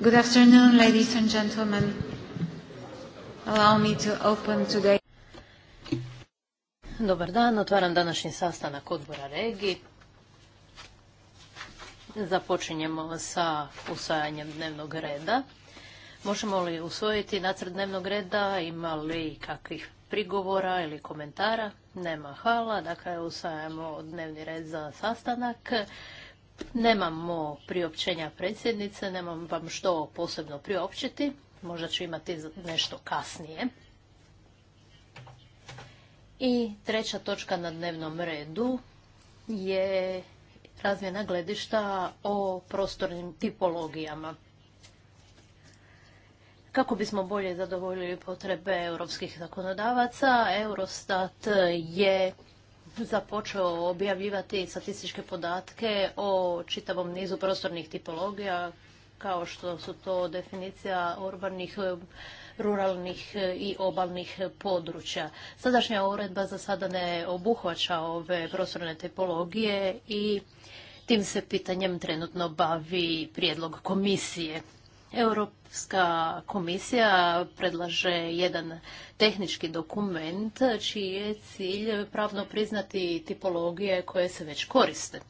Good afternoon, ladies and gentlemen. Allow me to open today. Dobar dan, otvaram današnji sastanak odbora regiji. Započinjemo sa usvajanjem dnevnog reda. Možemo li usvojiti nacrt dnevnog reda? Ima li kakvih prigovora ili komentara? Nema hvala, dakle usvajamo dnevni red za sastanak. Nemamo priopćenja predsjednice, nemam vam što posebno priopćiti, možda ću imati nešto kasnije. I treća točka na dnevnom redu je razmjena gledišta o prostornim tipologijama. Kako bismo bolje zadovoljili potrebe europskih zakonodavaca, Eurostat je započeo objavljivati statističke podatke o čitavom nizu prostornih tipologija, kao što su to definicija urbanih, ruralnih i obalnih područja. Sadašnja uredba za sada ne obuhvaća ove prostorne tipologije i tim se pitanjem trenutno bavi prijedlog komisije. Europska komisija predlaže jedan tehnički dokument čiji je cilj pravno priznati tipologije koje se već koriste.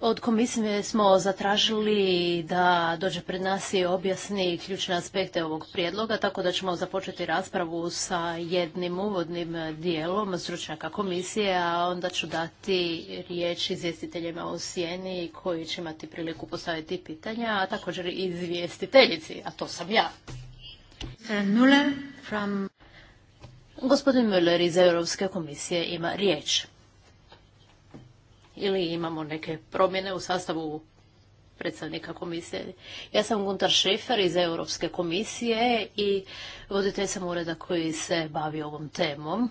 Od komisije smo zatražili da dođe pred nas i objasni ključne aspekte ovog prijedloga, tako da ćemo započeti raspravu sa jednim uvodnim dijelom stručnjaka komisije, a onda ću dati riječ izvjestiteljima u sjeni koji će imati priliku postaviti pitanja, a također i izvjestiteljici, a to sam ja. Uh, Gospodin Müller iz Europske komisije ima riječ ili imamo neke promjene u sastavu predstavnika komisije. Ja sam Guntar Šefer iz Europske komisije i voditelj sam ureda koji se bavi ovom temom.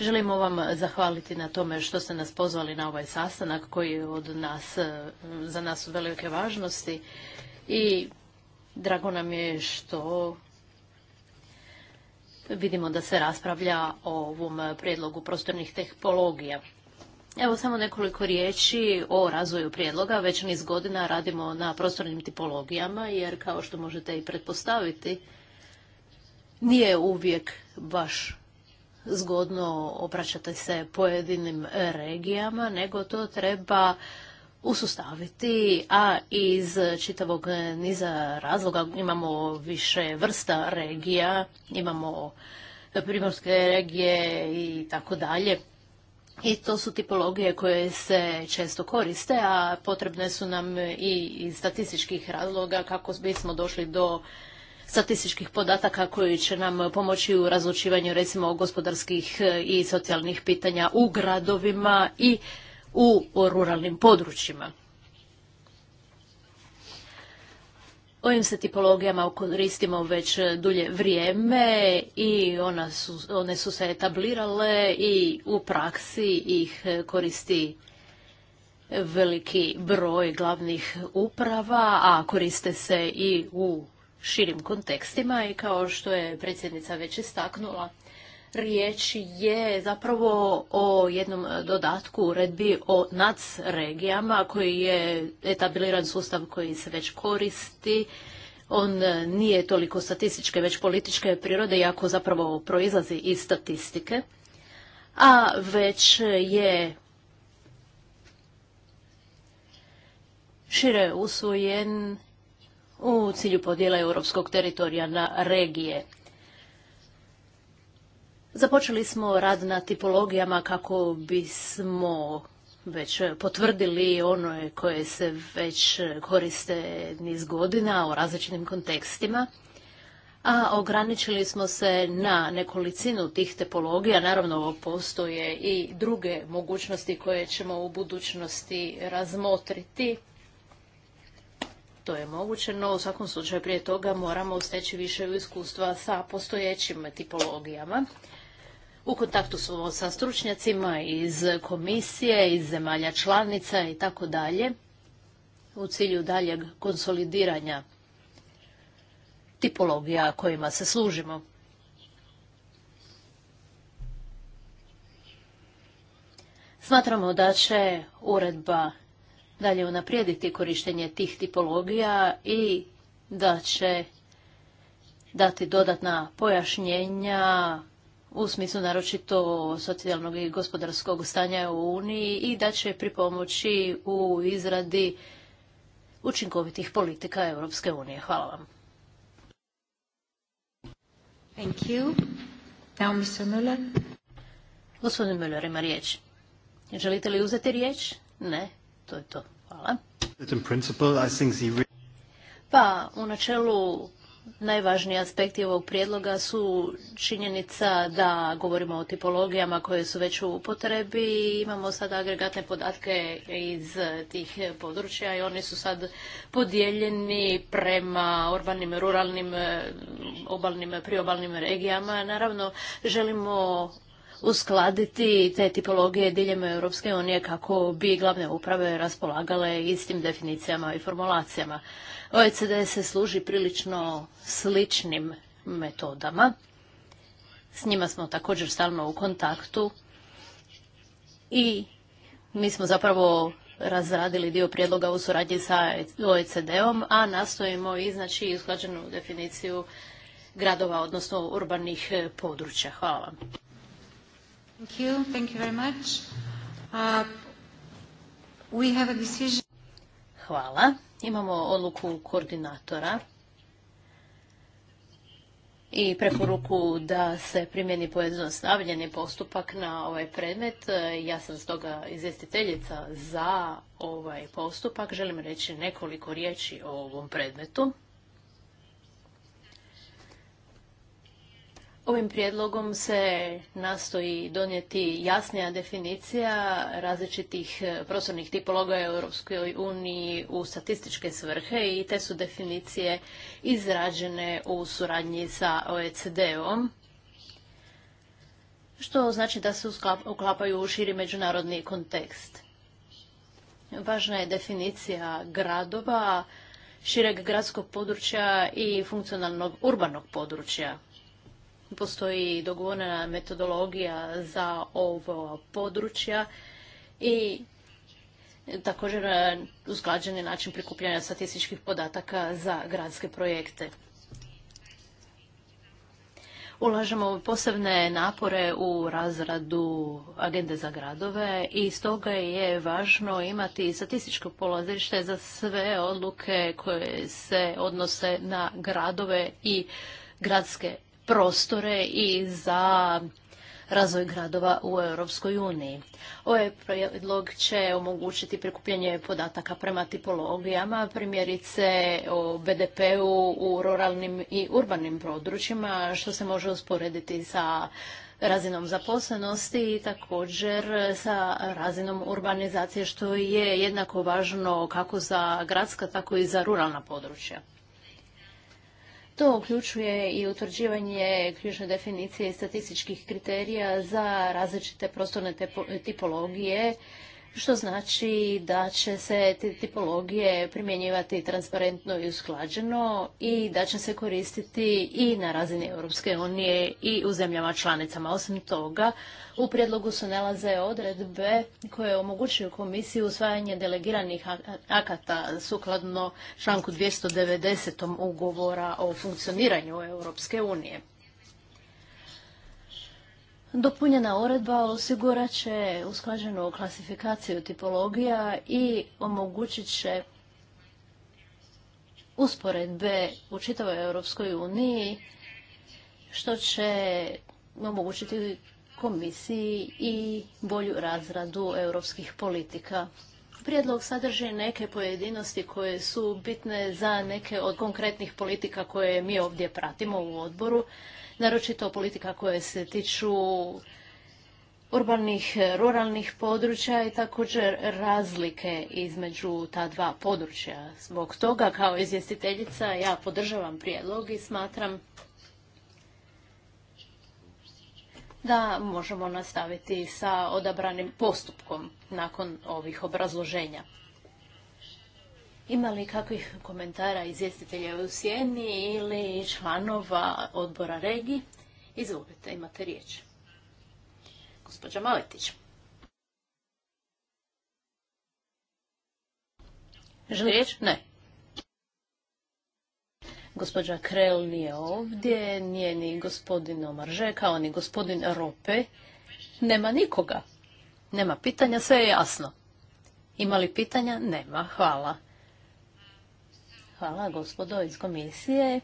Želimo vam zahvaliti na tome što ste nas pozvali na ovaj sastanak koji je od nas, e, za nas u velike važnosti i drago nam je što vidimo da se raspravlja o ovom prijedlogu prostornih tehnologija. Evo samo nekoliko riječi o razvoju prijedloga. Već niz godina radimo na prostornim tipologijama jer kao što možete i pretpostaviti nije uvijek baš zgodno obraćati se pojedinim regijama, nego to treba usustaviti, a iz čitavog niza razloga imamo više vrsta regija, imamo primorske regije i tako dalje. I to su tipologije koje se često koriste, a potrebne su nam i iz statističkih razloga kako bismo došli do statističkih podataka koji će nam pomoći u razlučivanju recimo gospodarskih i socijalnih pitanja u gradovima i u ruralnim područjima. Ovim se tipologijama koristimo već e, dulje vrijeme i ona su, one su se etablirale i u praksi ih e, koristi veliki broj glavnih uprava, a koriste se i u širim kontekstima i kao što je predsjednica već istaknula, riječ je zapravo o jednom dodatku uredbi o NAC regijama koji je etabiliran sustav koji se već koristi. On nije toliko statističke, već političke prirode, iako zapravo proizlazi iz statistike. A već je šire usvojen u cilju podjela europskog teritorija na regije. Započeli smo rad na tipologijama kako bismo već potvrdili ono koje se već koriste niz godina u različitim kontekstima. A ograničili smo se na nekolicinu tih tipologija. Naravno, postoje i druge mogućnosti koje ćemo u budućnosti razmotriti. To je moguće, no u svakom slučaju prije toga moramo steći više iskustva sa postojećim tipologijama. U kontaktu smo sa stručnjacima iz komisije, iz zemalja članica i tako dalje u cilju daljeg konsolidiranja tipologija kojima se služimo. Smatramo da će uredba dalje unaprijediti korištenje tih tipologija i da će dati dodatna pojašnjenja u smislu naročito socijalnog i gospodarskog stanja u Uniji i da će pripomoći u izradi učinkovitih politika Europske unije. Hvala vam. Thank you. Now, Mr. Müller. Gospodin Müller ima riječ. Želite li uzeti riječ? Ne, to je to. Hvala. Pa, u načelu Najvažniji aspekti ovog prijedloga su činjenica da govorimo o tipologijama koje su već u upotrebi. Imamo sad agregatne podatke iz tih područja i oni su sad podijeljeni prema urbanim, ruralnim, obalnim, priobalnim regijama. Naravno, želimo uskladiti te tipologije diljem Europske unije kako bi glavne uprave raspolagale istim definicijama i formulacijama. OECD se služi prilično sličnim metodama. S njima smo također stalno u kontaktu i mi smo zapravo razradili dio prijedloga u suradnji sa OECD-om, a nastojimo iznaći usklađenu definiciju gradova, odnosno urbanih e, područja. Hvala vam. Hvala. Imamo odluku koordinatora i preporuku da se primjeni pojednostavljeni postupak na ovaj predmet. Ja sam stoga izvjestiteljica za ovaj postupak. Želim reći nekoliko riječi o ovom predmetu. Ovim prijedlogom se nastoji donijeti jasnija definicija različitih eh, prostornih tipologa u Europskoj uniji u statističke svrhe i te su definicije izrađene u suradnji sa OECD-om, što znači da se uklapaju u širi međunarodni kontekst. Važna je definicija gradova, šireg gradskog područja i funkcionalnog urbanog područja postoji dogovorena metodologija za ovo područja i također e, usklađen je način prikupljanja statističkih podataka za gradske projekte. Ulažemo posebne napore u razradu agende za gradove i stoga je važno imati statističko polazište za sve odluke koje se odnose na gradove i gradske prostore i za razvoj gradova u Europskoj uniji. Ovaj prijedlog će omogućiti prikupljanje podataka prema tipologijama, primjerice o BDP-u u ruralnim i urbanim područjima, što se može usporediti sa razinom zaposlenosti i također sa razinom urbanizacije, što je jednako važno kako za gradska, tako i za ruralna područja. To uključuje i utvrđivanje ključne definicije statističkih kriterija za različite prostorne tipologije, što znači da će se te tipologije primjenjivati transparentno i usklađeno i da će se koristiti i na razini Europske unije i u zemljama članicama. Osim toga, u prijedlogu se nalaze odredbe koje omogućuju komisiji usvajanje delegiranih akata sukladno članku 290. ugovora o funkcioniranju Europske unije. Dopunjena uredba osigurat će usklađenu klasifikaciju tipologija i omogućit će usporedbe u čitavoj Europskoj uniji, što će omogućiti komisiji i bolju razradu europskih politika. Prijedlog sadrži neke pojedinosti koje su bitne za neke od konkretnih politika koje mi ovdje pratimo u odboru, naročito politika koje se tiču urbanih, ruralnih područja i također razlike između ta dva područja. Zbog toga kao izvjestiteljica ja podržavam prijedlog i smatram da možemo nastaviti sa odabranim postupkom nakon ovih obrazloženja. Ima li kakvih komentara izvjestitelja u sjeni ili članova odbora regi? Izvolite, imate riječ. Gospođa Maletić. Želi riječ? Ne. Gospođa Krel nije ovdje, nije ni gospodin Omar kao ni gospodin Rope. Nema nikoga. Nema pitanja, sve je jasno. Ima li pitanja? Nema, hvala. Hvala gospodo iz komisije.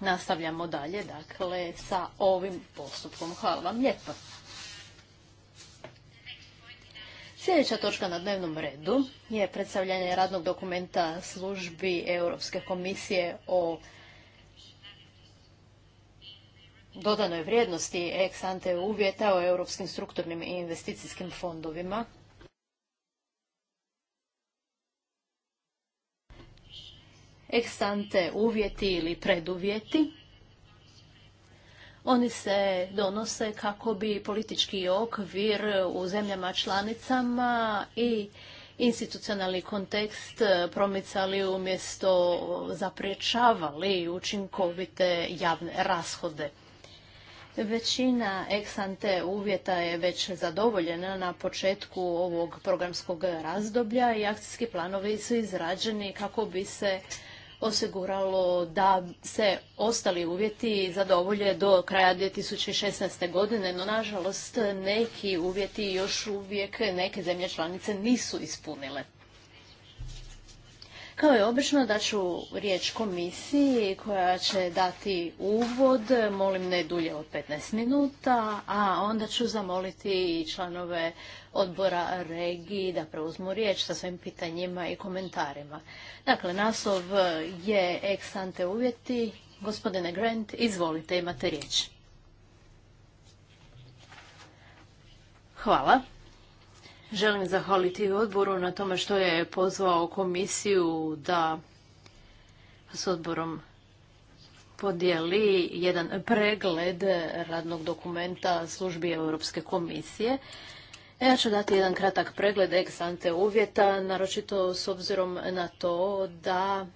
Nastavljamo dalje, dakle, sa ovim postupkom. Hvala vam lijepo. Sljedeća točka na dnevnom redu je predstavljanje radnog dokumenta službi Europske komisije o dodanoj vrijednosti ex ante uvjeta o europskim strukturnim i investicijskim fondovima. eksante uvjeti ili preduvjeti. Oni se donose kako bi politički okvir u zemljama članicama i institucionalni kontekst promicali umjesto zapriječavali učinkovite javne rashode. Većina eksante uvjeta je već zadovoljena na početku ovog programskog razdoblja i akcijski planovi su izrađeni kako bi se osiguralo da se ostali uvjeti zadovolje do kraja 2016. godine, no nažalost neki uvjeti još uvijek neke zemlje članice nisu ispunile. Kao je obično ću riječ komisiji koja će dati uvod, molim ne dulje od 15 minuta, a onda ću zamoliti i članove odbora regiji da preuzmu riječ sa svojim pitanjima i komentarima. Dakle, naslov je ex ante uvjeti. Gospodine Grant, izvolite, imate riječ. Hvala. Želim zahvaliti odboru na tome što je pozvao komisiju da s odborom podijeli jedan pregled radnog dokumenta službi Europske komisije. Ja ću dati jedan kratak pregled ex ante uvjeta, naročito s obzirom na to da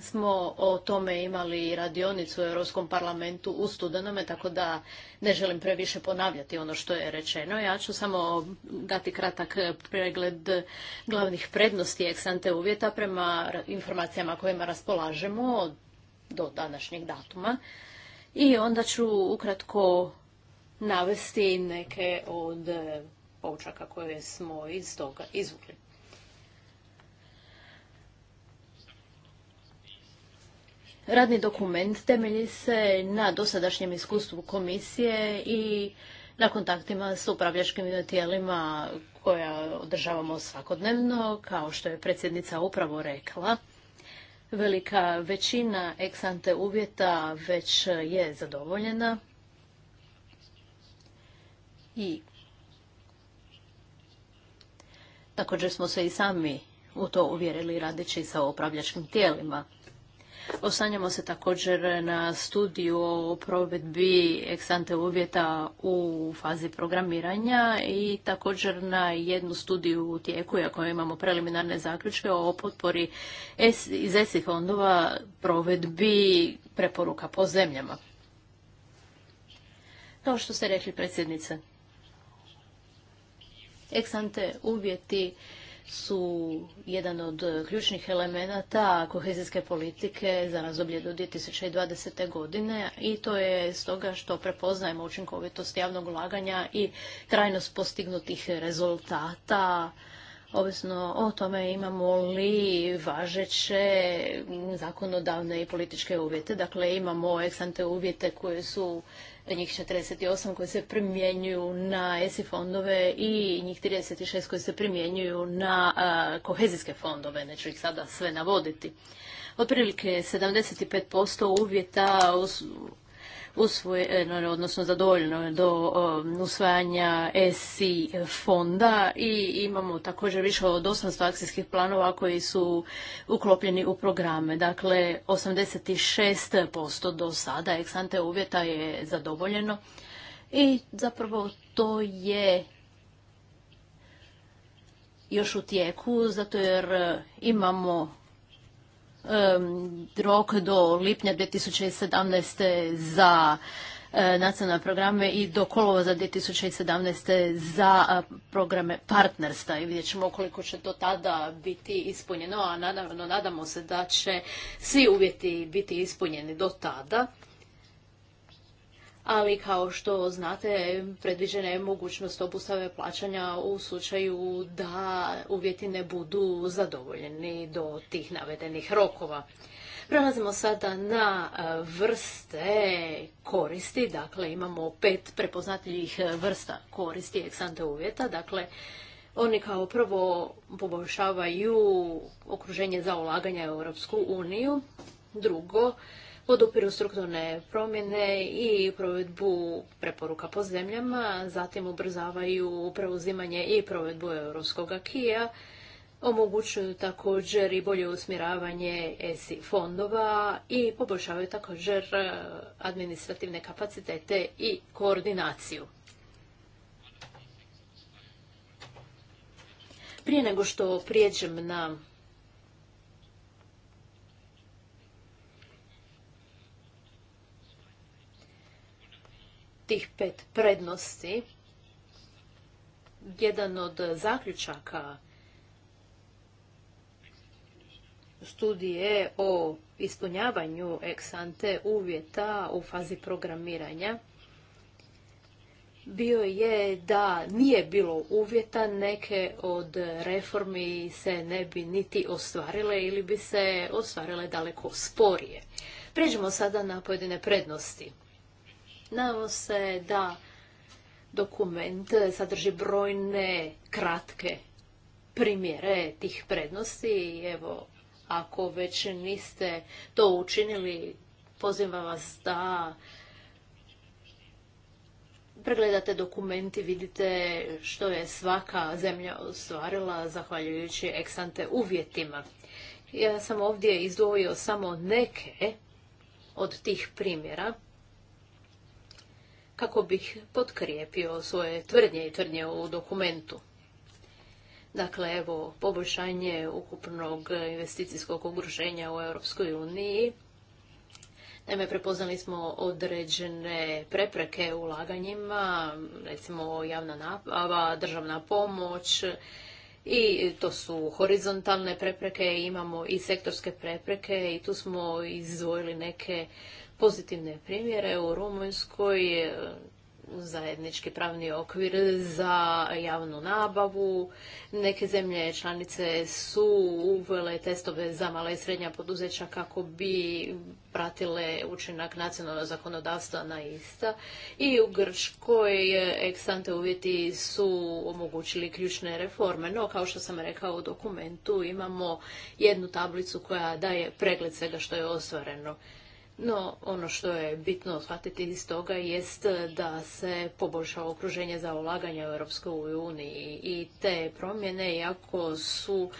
smo o tome imali radionicu u Europskom parlamentu u studenome, tako da ne želim previše ponavljati ono što je rečeno. Ja ću samo dati kratak pregled glavnih prednosti eksante uvjeta prema informacijama kojima raspolažemo do današnjeg datuma. I onda ću ukratko navesti neke od poučaka koje smo iz toga izvukli. Radni dokument temelji se na dosadašnjem iskustvu komisije i na kontaktima s upravljačkim tijelima koja održavamo svakodnevno, kao što je predsjednica upravo rekla. Velika većina eksante uvjeta već je zadovoljena i također smo se i sami u to uvjerili radeći sa upravljačkim tijelima. Osanjamo se također na studiju o provedbi eksante uvjeta u fazi programiranja i također na jednu studiju u tijeku, ako imamo preliminarne zaključke o potpori iz ESI fondova provedbi preporuka po zemljama. Kao što ste rekli predsjednice, eksante uvjeti su jedan od e, ključnih elemenata kohezijske politike za razdoblje do 2020. godine i to je stoga što prepoznajemo učinkovitost javnog ulaganja i trajnost postignutih rezultata ovisno o tome imamo li važeće zakonodavne i političke uvjete. Dakle, imamo eksante uvjete koje su njih 48 koji se primjenjuju na ESI fondove i njih 36 koji se primjenjuju na kohezijske fondove, neću ih sada sve navoditi. Otprilike 75% uvjeta usvojeno, e, odnosno zadovoljeno do usvajanja ESI fonda i imamo također više od 800 akcijskih planova koji su uklopljeni u programe. Dakle, 86% do sada eksante uvjeta je zadovoljeno i zapravo to je još u tijeku, zato jer imamo rok do lipnja 2017. za e, nacionalne programe i do kolova za 2017. za programe partnerstva i vidjet ćemo koliko će do tada biti ispunjeno, a naravno nadamo se da će svi uvjeti biti ispunjeni do tada ali kao što znate predviđena je mogućnost obustave plaćanja u slučaju da uvjeti ne budu zadovoljeni do tih navedenih rokova. Prelazimo sada na e, vrste koristi, dakle imamo pet prepoznatljivih vrsta koristi eksante uvjeta, dakle oni kao prvo poboljšavaju okruženje za ulaganje u Europsku uniju, drugo podupiru strukturne promjene i provedbu preporuka po zemljama, zatim ubrzavaju preuzimanje i provedbu europskog akija, omogućuju također i bolje usmjeravanje ESI fondova i poboljšavaju također e, administrativne kapacitete i koordinaciju. Prije nego što prijeđem na tih pet prednosti, jedan od zaključaka studije o ispunjavanju eksante uvjeta u fazi programiranja bio je da nije bilo uvjeta, neke od reformi se ne bi niti ostvarile ili bi se ostvarile daleko sporije. Pređimo sada na pojedine prednosti. Nadamo se da dokument sadrži brojne kratke primjere tih prednosti. Evo, ako već niste to učinili, pozivam vas da pregledate dokumenti, vidite što je svaka zemlja ostvarila zahvaljujući eksante uvjetima. Ja sam ovdje izdvojio samo neke od tih primjera kako bih potkrijepio svoje tvrdnje i tvrdnje u dokumentu. Dakle, evo, poboljšanje ukupnog investicijskog okruženja u Europskoj uniji. Naime, prepoznali smo određene prepreke ulaganjima, recimo javna nabava, državna pomoć i to su horizontalne prepreke, imamo i sektorske prepreke i tu smo izdvojili neke pozitivne primjere u Rumunjskoj, e, zajednički pravni okvir za javnu nabavu. Neke zemlje članice su uvele testove za mala i srednja poduzeća kako bi pratile učinak nacionalnog zakonodavstva na ista. I u Grčkoj eksante uvjeti su omogućili ključne reforme. No, kao što sam rekao u dokumentu, imamo jednu tablicu koja daje pregled svega što je ostvareno. No, ono što je bitno shvatiti iz toga jest e, da se poboljša okruženje za ulaganje u Europskoj uniji i te promjene, iako su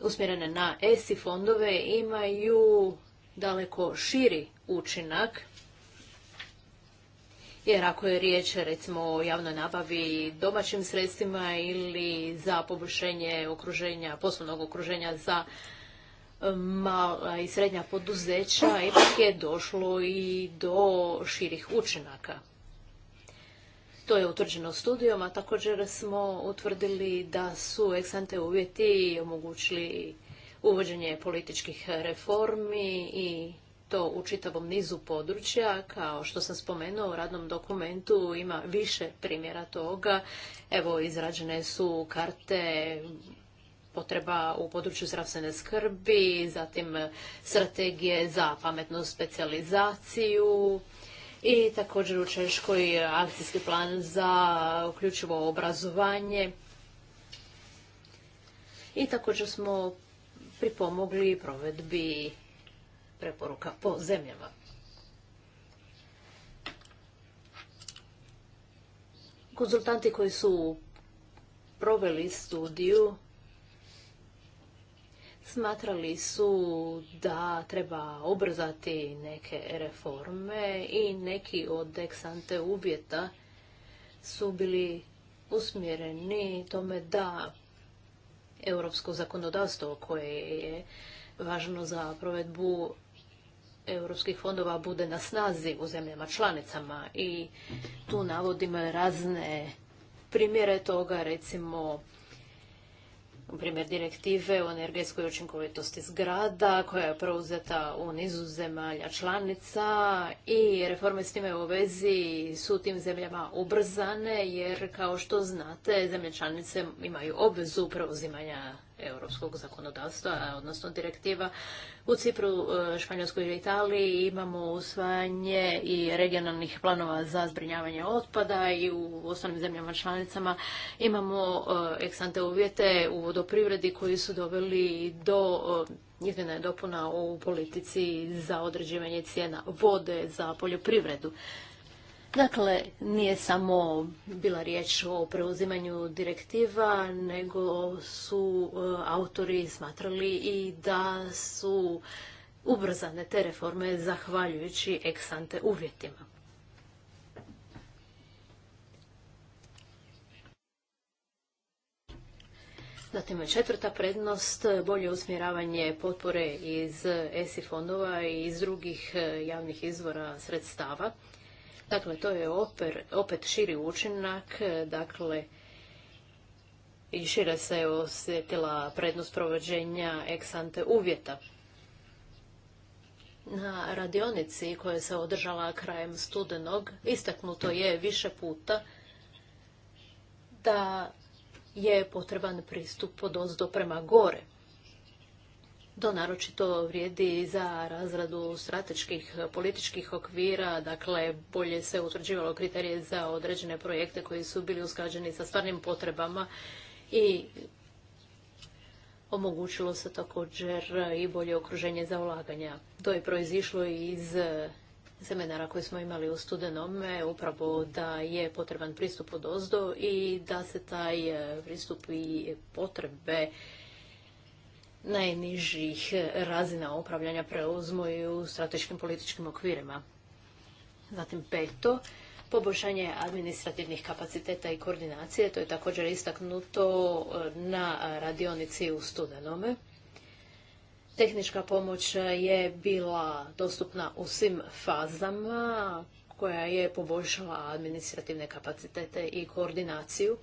usmjerene na ESI fondove, imaju daleko širi učinak. Jer ako je riječ recimo o javnoj nabavi domaćim sredstvima ili za poboljšenje okruženja, poslovnog okruženja za mala i srednja poduzeća, ipak je došlo i do širih učinaka. To je utvrđeno studijom, a također smo utvrdili da su eksante uvjeti omogućili uvođenje političkih reformi i to u čitavom nizu područja. Kao što sam spomenuo, u radnom dokumentu ima više primjera toga. Evo, izrađene su karte potreba u području zdravstvene skrbi, zatim strategije za pametnu specijalizaciju i također u Češkoj akcijski plan za uključivo obrazovanje. I također smo pripomogli provedbi preporuka po zemljama. Konzultanti koji su proveli studiju smatrali su da treba obrzati neke reforme i neki od eksante uvjeta su bili usmjereni tome da europsko zakonodavstvo koje je važno za provedbu europskih fondova bude na snazi u zemljama članicama i tu navodimo razne primjere toga, recimo primjer direktive o energetskoj učinkovitosti zgrada koja je preuzeta u nizu zemalja članica i reforme s time u vezi su tim zemljama ubrzane jer kao što znate zemlje članice imaju obvezu preuzimanja europskog zakonodavstva, odnosno direktiva. U Cipru, e, Španjolskoj i Italiji imamo usvajanje i regionalnih planova za zbrinjavanje otpada i u ostalim zemljama članicama imamo eksante uvjete u vodoprivredi koji su doveli do e, izmjena je dopuna u politici za određivanje cijena vode za poljoprivredu. Dakle, nije samo bila riječ o preuzimanju direktiva, nego su e, autori smatrali i da su ubrzane te reforme zahvaljujući eksante uvjetima. Zatim četvrta prednost, bolje usmjeravanje potpore iz ESI fondova i iz drugih e, javnih izvora sredstava. Dakle, to je opet širi učinak, dakle, i šire se osjetila prednost provođenja eksante uvjeta. Na radionici koja se održala krajem studenog istaknuto je više puta da je potreban pristup od ozdo prema gore. To naročito vrijedi za razradu strateških političkih okvira, dakle bolje se utvrđivalo kriterije za određene projekte koji su bili usklađeni sa stvarnim potrebama i omogućilo se također i bolje okruženje za ulaganja. To je proizišlo iz seminara koji smo imali u studenome, upravo da je potreban pristup od ozdo i da se taj pristup i potrebe najnižih razina upravljanja preuzmu u strateškim političkim okvirima. Zatim peto, poboljšanje administrativnih kapaciteta i koordinacije, to je također istaknuto eh, na radionici u studenome. Tehnička pomoć je bila dostupna u svim fazama koja je poboljšala administrativne kapacitete i koordinaciju.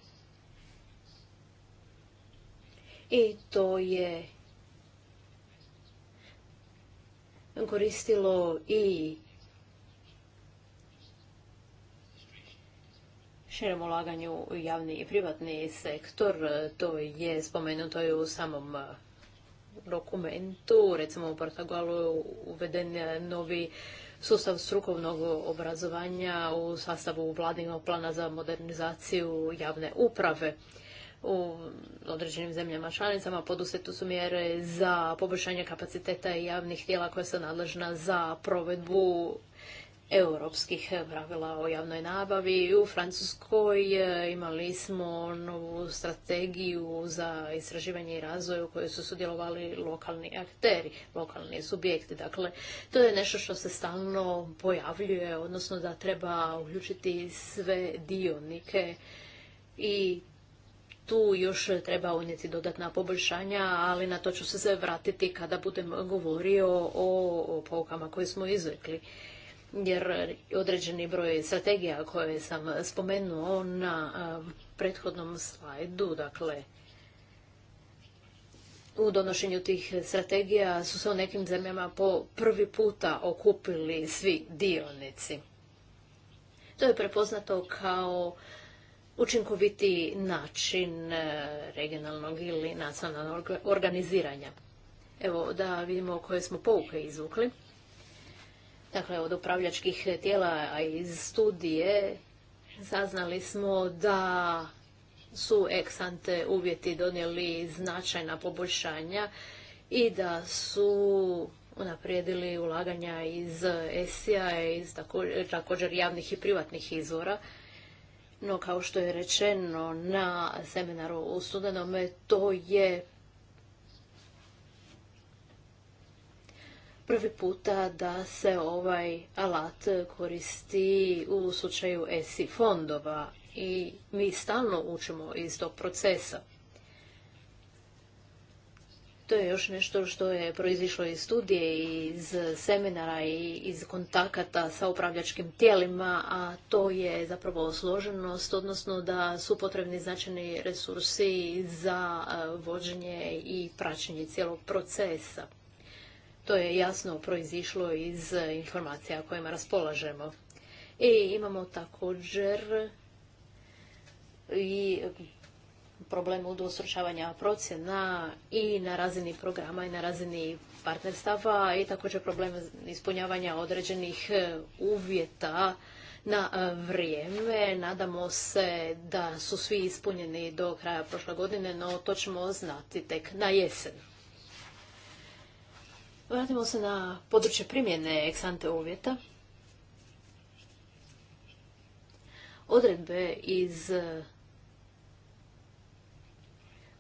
I to je koristilo i širem ulaganju u javni i privatni sektor. To je spomenuto i u samom dokumentu. Recimo u Portugalu uveden novi sustav strukovnog obrazovanja u sastavu vladinog plana za modernizaciju javne uprave u određenim zemljama članicama poduzete su mjere za poboljšanje kapaciteta i javnih tijela koja su nadležna za provedbu europskih pravila o javnoj nabavi. U Francuskoj e, imali smo novu strategiju za istraživanje i razvoj u kojoj su sudjelovali lokalni akteri, lokalni subjekti. Dakle, to je nešto što se stalno pojavljuje, odnosno da treba uključiti sve dionike i tu još treba unijeti dodatna poboljšanja, ali na to ću se vratiti kada budem govorio o, o poukama koje smo izvekli. Jer određeni broj strategija koje sam spomenuo na prethodnom slajdu, dakle, u donošenju tih strategija su se u nekim zemljama po prvi puta okupili svi dionici. To je prepoznato kao učinkoviti način e, regionalnog ili nacionalnog organiziranja. Evo da vidimo koje smo pouke izvukli. Dakle, od upravljačkih tijela a iz studije saznali smo da su eksante uvjeti donijeli značajna poboljšanja i da su unaprijedili ulaganja iz SIA, iz također javnih i privatnih izvora. No, kao što je rečeno na seminaru u Studenome, to je prvi puta da se ovaj alat koristi u slučaju ESI fondova i mi stalno učimo iz tog procesa. To je još nešto što je proizišlo iz studije iz seminara i iz kontakata sa upravljačkim tijelima, a to je zapravo složenost, odnosno da su potrebni značajni resursi za e, vođenje i praćenje cijelog procesa. To je jasno proizišlo iz informacija kojima raspolažemo. I imamo također i problemu udvostručavanja procjena i na razini programa i na razini partnerstava i također problem ispunjavanja određenih e, uvjeta na e, vrijeme. Nadamo se da su svi ispunjeni do kraja prošle godine, no to ćemo znati tek na jesen. Vratimo se na područje primjene eksante uvjeta. Odredbe iz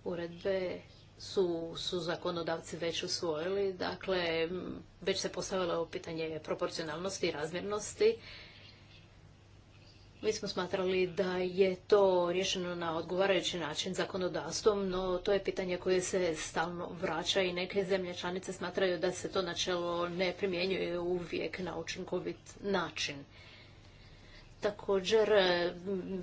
uredbe su, su zakonodavci već usvojili. Dakle, već se postavilo pitanje proporcionalnosti i razmjernosti. Mi smo smatrali da je to rješeno na odgovarajući način zakonodavstvom, no to je pitanje koje se stalno vraća i neke zemlje članice smatraju da se to načelo ne primjenjuje uvijek na učinkovit način. Također,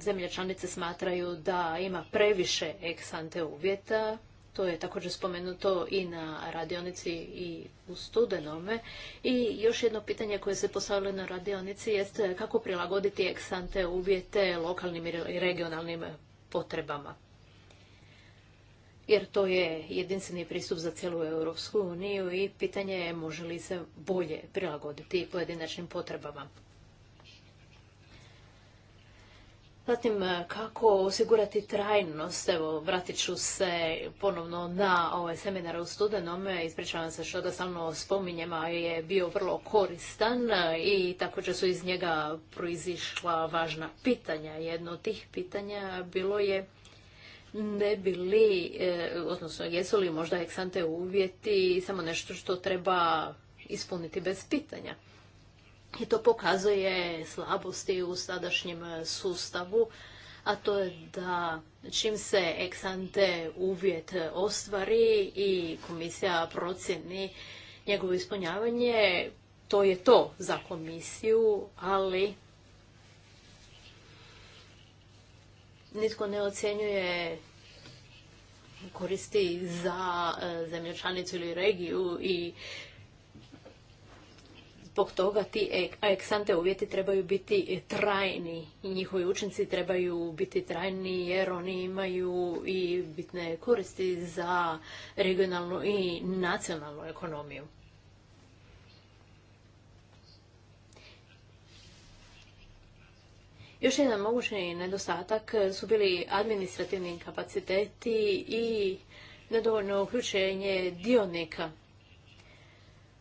zemlje članice smatraju da ima previše eksante uvjeta, to je također spomenuto i na radionici i u studenome. I još jedno pitanje koje se postavilo na radionici jest kako prilagoditi eksante uvjete lokalnim i regionalnim potrebama. Jer to je jedinstveni pristup za cijelu Europsku uniju i pitanje je može li se bolje prilagoditi pojedinačnim potrebama. Zatim, e, kako osigurati trajnost? Evo, vratit ću se ponovno na ovaj seminar u studenome. Ispričavam se što ga stalno spominjem, a je bio vrlo koristan e, i također su iz njega proizišla važna pitanja. Jedno od tih pitanja bilo je ne bili, e, odnosno jesu li možda eksante uvjeti samo nešto što treba ispuniti bez pitanja. I to pokazuje slabosti u sadašnjem sustavu, a to je da čim se eksante uvjet ostvari i komisija procjeni njegovo ispunjavanje, to je to za komisiju, ali nitko ne ocjenjuje koristi za e, zemlječanicu ili regiju i Zbog toga ti e- eksante uvjeti trebaju biti trajni i njihovi učinci trebaju biti trajni jer oni imaju i bitne koristi za regionalnu i nacionalnu ekonomiju. Još jedan mogući nedostatak su bili administrativni kapaciteti i nedovoljno uključenje dionika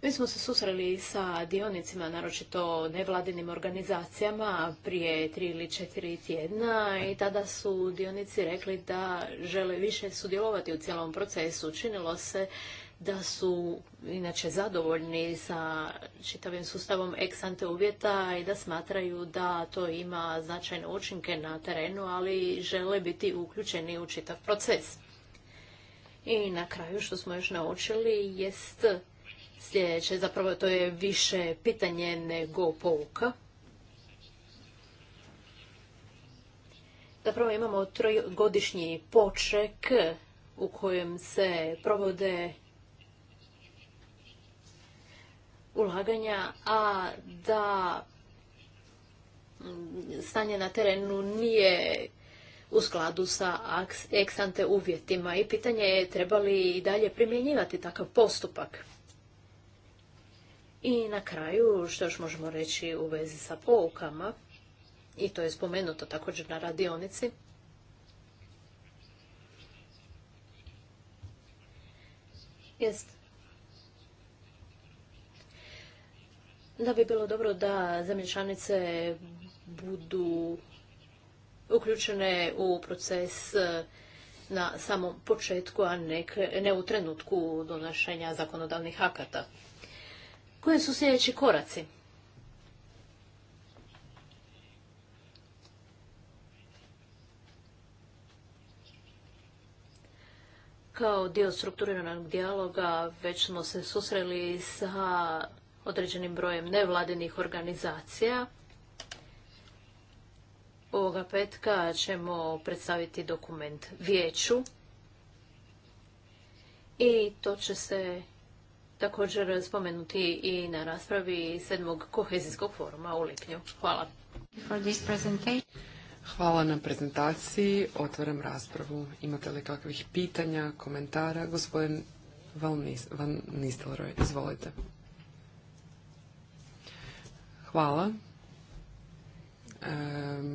mi smo se susreli sa dionicima, naročito nevladinim organizacijama, prije tri ili četiri tjedna i tada su dionici rekli da žele više sudjelovati u cijelom procesu. Činilo se da su inače zadovoljni sa čitavim sustavom ex ante uvjeta i da smatraju da to ima značajne učinke na terenu, ali žele biti uključeni u čitav proces. I na kraju što smo još naučili jest sljedeće. Zapravo to je više pitanje nego pouka. Zapravo imamo trojgodišnji poček u kojem se provode ulaganja, a da stanje na terenu nije u skladu sa eksante uvjetima i pitanje je treba li i dalje primjenjivati takav postupak. I na kraju, što još možemo reći u vezi sa poukama, i to je spomenuto također na radionici, jest da bi bilo dobro da zemlje budu uključene u proces e, na samom početku, a ne u trenutku donošenja zakonodavnih akata. Koji su sljedeći koraci? Kao dio strukturiranog dijaloga već smo se susreli sa određenim brojem nevladinih organizacija. Ovoga petka ćemo predstaviti dokument vijeću i to će se također spomenuti i na raspravi sedmog kohezijskog foruma u lipnju. Hvala. Hvala na prezentaciji. Otvaram raspravu. Imate li kakvih pitanja, komentara? Gospodin Van Nistelroj, izvolite. Hvala.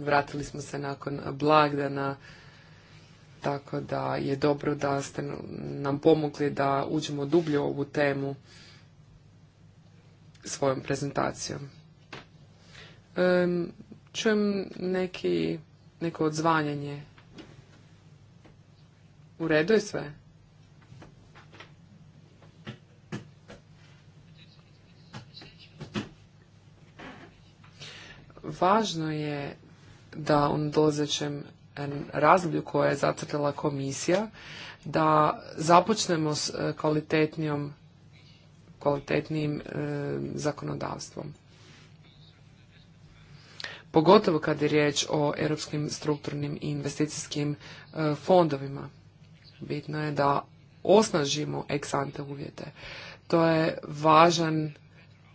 vratili smo se nakon blagdana tako da je dobro da ste nam pomogli da uđemo dublje u ovu temu svojom prezentacijom. čujem neki, neko odzvanjanje. U redu je sve? Važno je da u nadolazećem razdoblju koje je zacrtala komisija da započnemo s e, kvalitetnijom kvalitetnijim e, zakonodavstvom. Pogotovo kad je riječ o europskim strukturnim i investicijskim e, fondovima. Bitno je da osnažimo eksante uvjete. To je važan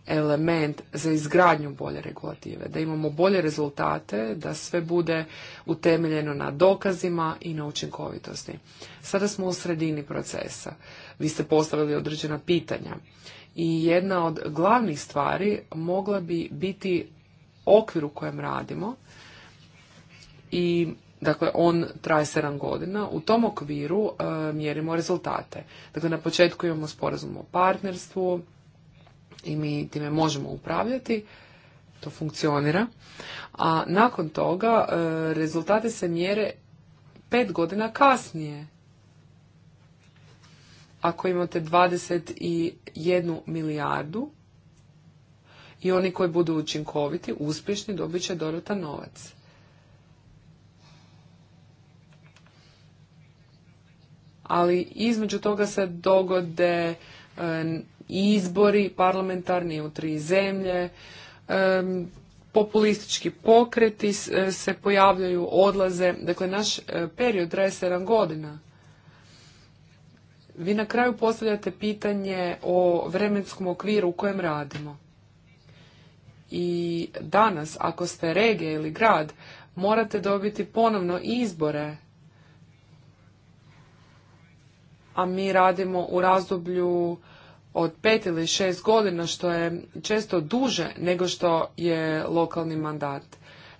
element za izgradnju bolje regulative, da imamo bolje rezultate, da sve bude utemeljeno na dokazima i na učinkovitosti. Sada smo u sredini procesa. Vi ste postavili određena pitanja i jedna od glavnih stvari mogla bi biti okvir u kojem radimo i Dakle, on traje 7 godina. U tom okviru eh, mjerimo rezultate. Dakle, na početku imamo sporazum o partnerstvu, i mi time možemo upravljati, to funkcionira. A nakon toga e, rezultate se mjere pet godina kasnije. Ako imate 21 milijardu i oni koji budu učinkoviti, uspješni, dobit će dodatan novac. Ali između toga se dogode e, izbori parlamentarni u tri zemlje, populistički pokreti e, se pojavljaju, odlaze. Dakle, naš e, period traje sedam godina. Vi na kraju postavljate pitanje o vremenskom okviru u kojem radimo. I danas, ako ste regija ili grad, morate dobiti ponovno izbore. A mi radimo u razdoblju od pet ili šest godina, što je često duže nego što je lokalni mandat.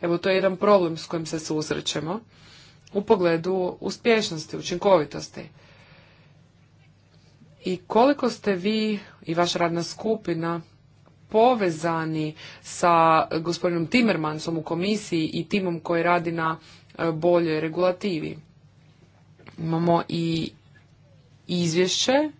Evo, to je jedan problem s kojim se susrećemo u pogledu uspješnosti, učinkovitosti. I koliko ste vi i vaša radna skupina povezani sa gospodinom Timmermansom u komisiji i timom koji radi na e, boljoj regulativi. Imamo i izvješće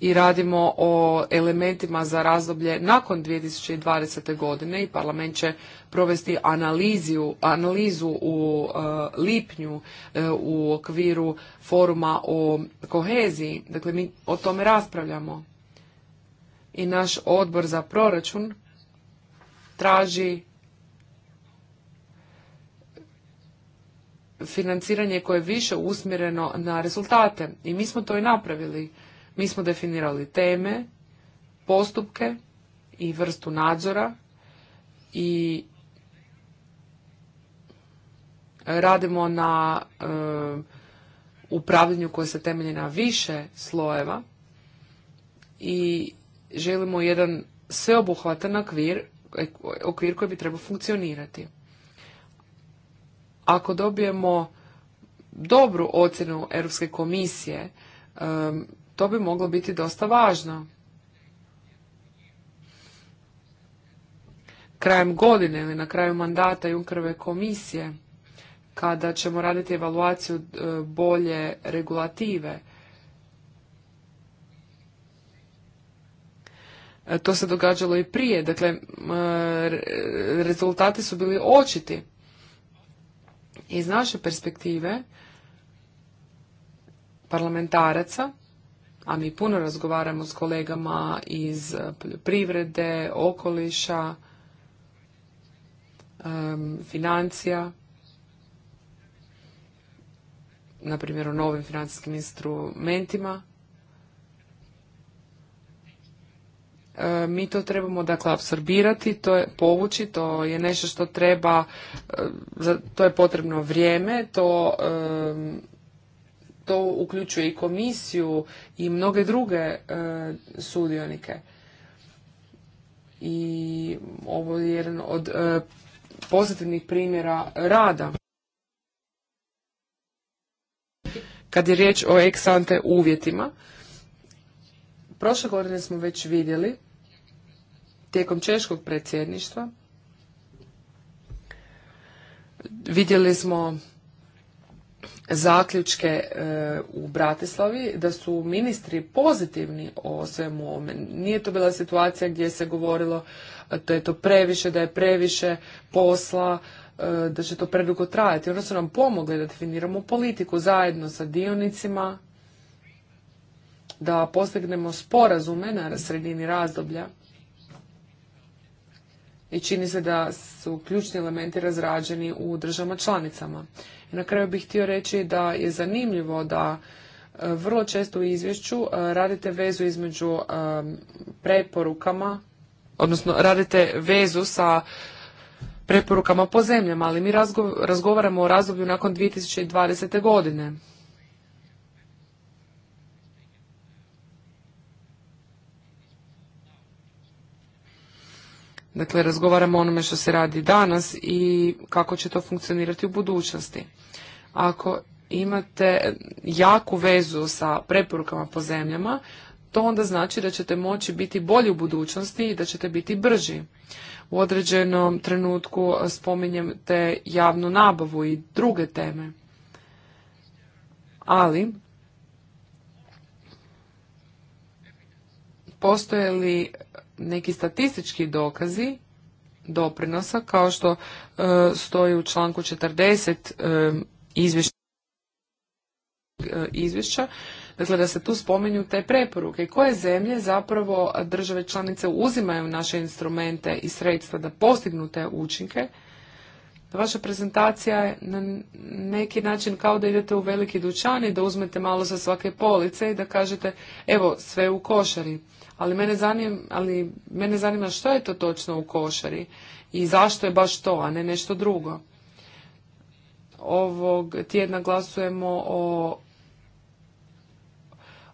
i radimo o elementima za razdoblje nakon 2020. godine i parlament će provesti analiziju, analizu u e, lipnju e, u okviru foruma o koheziji. Dakle, mi o tome raspravljamo. I naš odbor za proračun traži financiranje koje je više usmjereno na rezultate. I mi smo to i napravili. Mi smo definirali teme, postupke i vrstu nadzora i radimo na e, upravljanju koje se temelji na više slojeva i želimo jedan sveobuhvatan okvir, okvir koji bi trebao funkcionirati. Ako dobijemo dobru ocjenu Europske komisije, e, to bi moglo biti dosta važno. Krajem godine ili na kraju mandata Junkerove komisije, kada ćemo raditi evaluaciju e, bolje regulative, e, to se događalo i prije, dakle rezultati su bili očiti. Iz naše perspektive parlamentaraca a mi puno razgovaramo s kolegama iz eh, poljoprivrede, okoliša, financija, na primjer o novim financijskim instrumentima. Mi to trebamo dakle apsorbirati, to je povući, to je nešto što treba, eh, to je potrebno vrijeme, to to uključuje i komisiju i mnoge druge e, sudionike. I ovo je jedan od e, pozitivnih primjera rada. Kad je riječ o eksante uvjetima, prošle godine smo već vidjeli tijekom češkog predsjedništva vidjeli smo zaključke e, u Bratislavi da su ministri pozitivni o svemu ovome. Nije to bila situacija gdje se govorilo e, da je to previše, da je previše posla, e, da će to predugo trajati. Ono su nam pomogli da definiramo politiku zajedno sa dionicima, da postignemo sporazume na sredini razdoblja i čini se da su ključni elementi razrađeni u državama članicama. I na kraju bih htio reći da je zanimljivo da e, vrlo često u izvješću e, radite vezu između e, preporukama, odnosno radite vezu sa preporukama po zemljama, ali mi razgovaramo o razdoblju nakon 2020. godine. Dakle, razgovaramo o onome što se radi danas i kako će to funkcionirati u budućnosti. Ako imate jaku vezu sa preporukama po zemljama, to onda znači da ćete moći biti bolji u budućnosti i da ćete biti brži. U određenom trenutku spominjem te javnu nabavu i druge teme. Ali, postoje li neki statistički dokazi doprinosa kao što e, stoji u članku 40 e, e, izvješća, dakle da se tu spominju te preporuke. Koje zemlje zapravo države članice uzimaju naše instrumente i sredstva da postignu te učinke? Vaša prezentacija je na neki način kao da idete u veliki dućan i da uzmete malo sa svake police i da kažete evo sve u košari ali mene, zanima, ali mene zanima što je to točno u košari i zašto je baš to, a ne nešto drugo. Ovog tjedna glasujemo o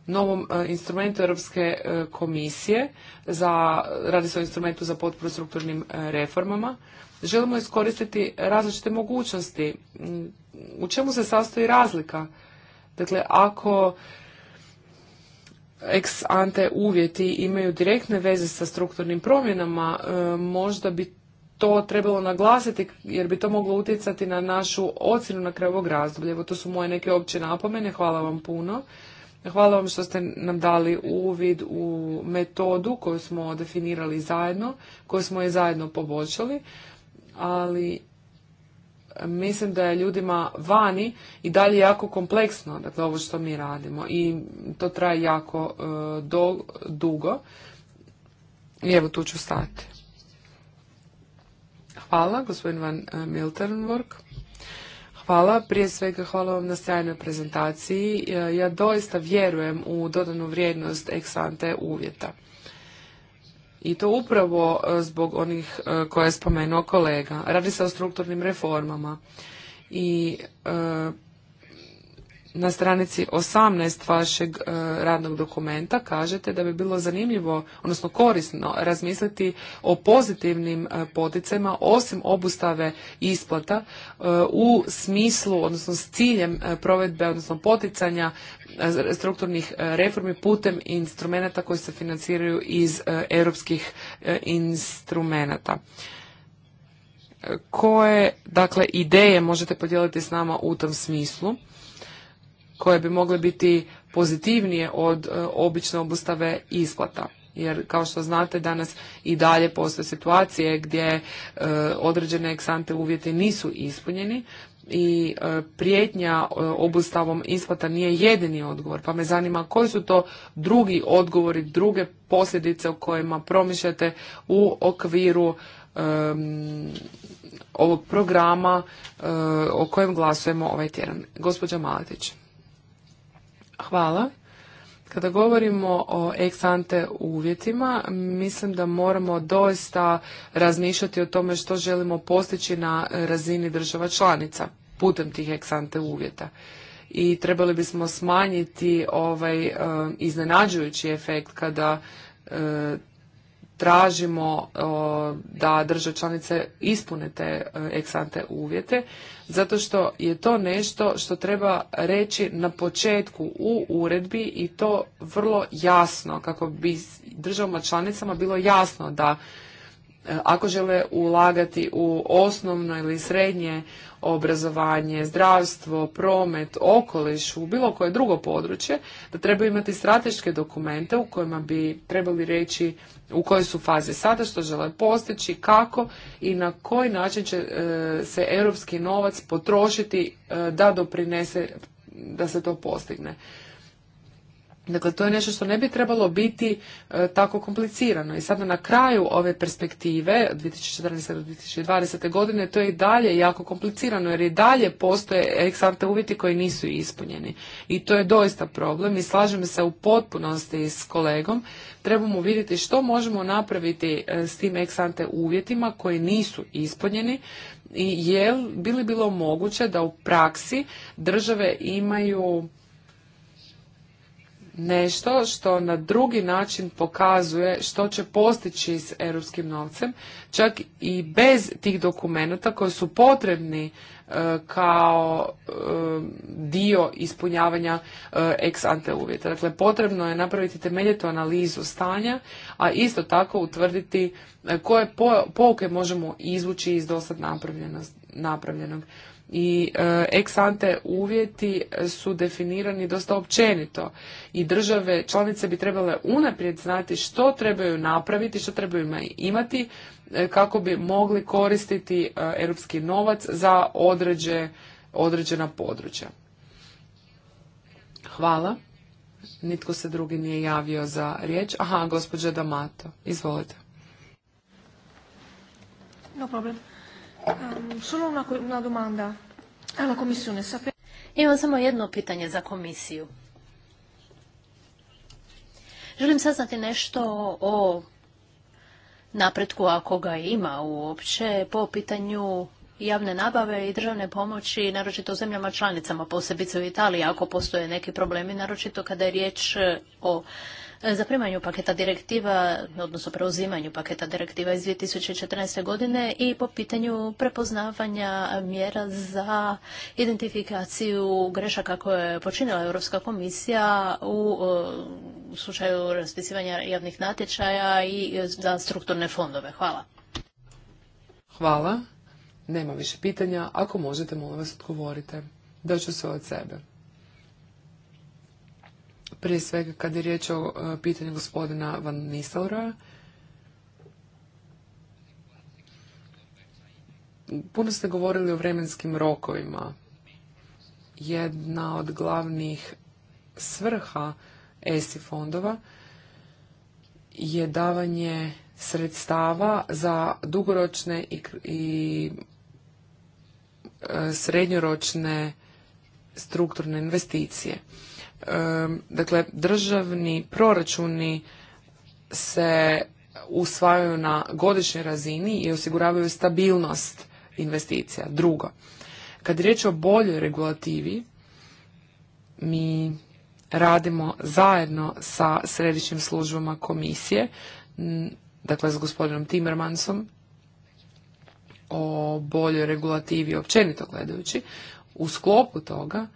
novom e, instrumentu Europske e, komisije za, radi se o instrumentu za potporu strukturnim e, reformama. Želimo iskoristiti različite mogućnosti. Mm, u čemu se sastoji razlika? Dakle, ako ex ante uvjeti imaju direktne veze sa strukturnim promjenama, e, možda bi to trebalo naglasiti jer bi to moglo utjecati na našu ocjenu na kraju ovog razdoblja. Evo to su moje neke opće napomene, hvala vam puno. Hvala vam što ste nam dali uvid u metodu koju smo definirali zajedno, koju smo je zajedno poboljšali, ali mislim da je ljudima vani i dalje jako kompleksno dakle, ovo što mi radimo i to traje jako e, dugo. I evo tu ću stati. Hvala, gospodin Van e, Miltenburg. Hvala. Prije svega hvala vam na sjajnoj prezentaciji. E, ja doista vjerujem u dodanu vrijednost eksante uvjeta i to upravo e, zbog onih e, koje je spomenuo kolega. Radi se o strukturnim reformama i e, na stranici 18 vašeg e, radnog dokumenta kažete da bi bilo zanimljivo, odnosno korisno razmisliti o pozitivnim e, poticajima osim obustave isplata e, u smislu, odnosno s ciljem provedbe, odnosno poticanja strukturnih reformi putem instrumenata koji se financiraju iz europskih instrumenata koje dakle ideje možete podijeliti s nama u tom smislu koje bi mogle biti pozitivnije od e, obične obustave isplata jer kao što znate danas i dalje postoje situacije gdje e, određene eksante uvjeti nisu ispunjeni i e, prijetnja obustavom isplata nije jedini odgovor pa me zanima koji su to drugi odgovori druge posljedice o kojima promišljate u okviru ovog programa o kojem glasujemo ovaj tjedan gospođa Malatić. Hvala. Kada govorimo o ex ante uvjetima, mislim da moramo doista razmišljati o tome što želimo postići na razini država članica putem tih ex ante uvjeta. I trebali bismo smanjiti ovaj eh, iznenađujući efekt kada eh, tražimo e, da države članice ispune te eksante uvjete, zato što je to nešto što treba reći na početku u uredbi i to vrlo jasno, kako bi državama članicama bilo jasno da e, ako žele ulagati u osnovno ili srednje obrazovanje, zdravstvo, promet, okoliš, u bilo koje drugo područje, da trebaju imati strateške dokumente u kojima bi trebali reći u kojoj su fazi sada, što žele postići, kako i na koji način će e, se europski novac potrošiti e, da doprinese da se to postigne. Dakle, to je nešto što ne bi trebalo biti e, tako komplicirano. I sada na kraju ove perspektive, 2014. do 2020. godine, to je i dalje jako komplicirano, jer i dalje postoje eksante uvjeti koji nisu ispunjeni. I to je doista problem i slažem se u potpunosti s kolegom. Trebamo vidjeti što možemo napraviti e, s tim eksante uvjetima koji nisu ispunjeni i je li bilo moguće da u praksi države imaju nešto što na drugi način pokazuje što će postići s europskim novcem, čak i bez tih dokumenata koji su potrebni e, kao e, dio ispunjavanja e, ex ante uvjeta. Dakle, potrebno je napraviti temeljitu analizu stanja, a isto tako utvrditi koje pouke možemo izvući iz dosad napravljenog i e, ex ante uvjeti su definirani dosta općenito i države članice bi trebale unaprijed znati što trebaju napraviti, što trebaju imati e, kako bi mogli koristiti e, europski novac za određe, određena područja. Hvala. Nitko se drugi nije javio za riječ. Aha, gospođa Damato. Izvolite. No problem. Um, solo domanda. Imam samo jedno pitanje za komisiju. Želim saznati nešto o napretku, ako ga ima uopće, po pitanju javne nabave i državne pomoći, naročito u zemljama članicama, posebice u Italiji, ako postoje neki problemi, naročito kada je riječ o E, zaprimanju paketa direktiva, odnosno preuzimanju paketa direktiva iz 2014. godine i po pitanju prepoznavanja mjera za identifikaciju grešaka koje je počinila Europska komisija e, u slučaju raspisivanja javnih natječaja i za strukturne fondove. Hvala. Hvala. Nema više pitanja. Ako možete, molim vas, odgovorite. Doću se od sebe. Prije svega kad je riječ o e, pitanju gospodina Van Nistelroja, puno ste govorili o vremenskim rokovima. Jedna od glavnih svrha ESI fondova je davanje sredstava za dugoročne i e, srednjoročne strukturne investicije dakle državni proračuni se usvajaju na godišnjoj razini i osiguravaju stabilnost investicija. Drugo, kad je riječ o boljoj regulativi, mi radimo zajedno sa središnjim službama komisije, dakle s gospodinom Timmermansom, o boljoj regulativi općenito gledajući. U sklopu toga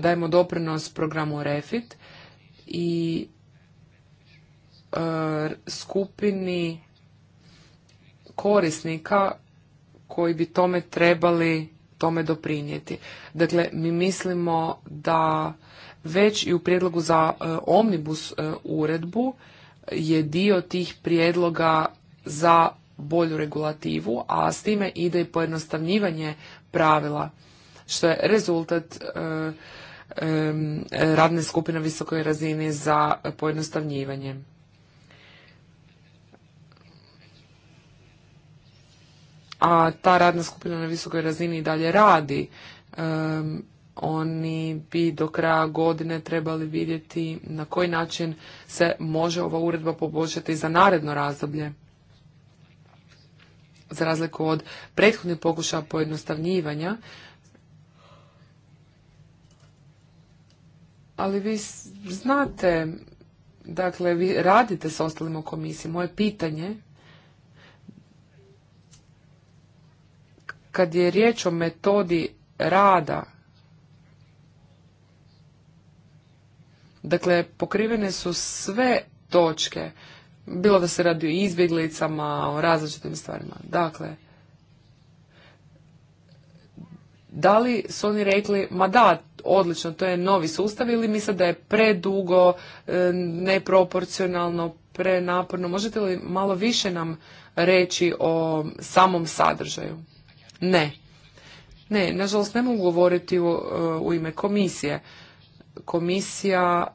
dajemo doprinos programu REFIT i e, skupini korisnika koji bi tome trebali tome doprinijeti. Dakle, mi mislimo da već i u prijedlogu za e, omnibus e, uredbu je dio tih prijedloga za bolju regulativu, a s time ide i pojednostavnjivanje pravila što je rezultat e, radne skupine na visokoj razini za pojednostavnjivanje. A ta radna skupina na visokoj razini i dalje radi. oni bi do kraja godine trebali vidjeti na koji način se može ova uredba poboljšati za naredno razdoblje. Za razliku od prethodnih pokušaja pojednostavnjivanja, ali vi znate, dakle, vi radite s ostalim u komisiji. Moje pitanje, kad je riječ o metodi rada, dakle, pokrivene su sve točke, bilo da se radi o izbjeglicama, o različitim stvarima. Dakle, da li su oni rekli, ma da, odlično, to je novi sustav ili misle da je predugo, e, neproporcionalno, prenaporno? Možete li malo više nam reći o samom sadržaju? Ne. Ne, nažalost ne mogu govoriti u, e, ime komisije. Komisija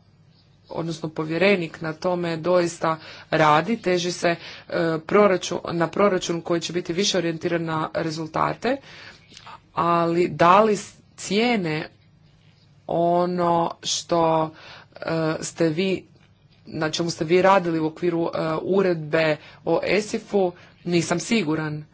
odnosno povjerenik na tome doista radi, teži se e, proračun, na proračun koji će biti više orijentiran na rezultate, ali da li cijene ono što eh, ste vi na čemu ste vi radili u okviru eh, uredbe o ESIF-u, nisam siguran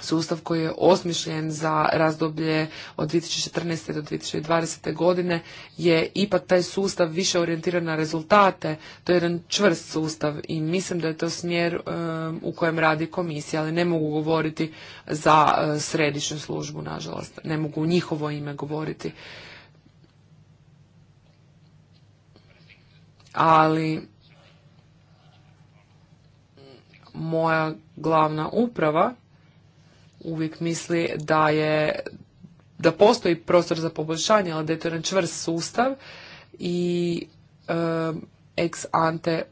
sustav koji je osmišljen za razdoblje od 2014. do 2020. godine je ipak taj sustav više orijentiran na rezultate. To je jedan čvrst sustav i mislim da je to smjer um, u kojem radi komisija, ali ne mogu govoriti za uh, središnju službu, nažalost. Ne mogu u njihovo ime govoriti. Ali moja glavna uprava uvijek misli da je da postoji prostor za poboljšanje, ali da je to jedan čvrst sustav i ex ante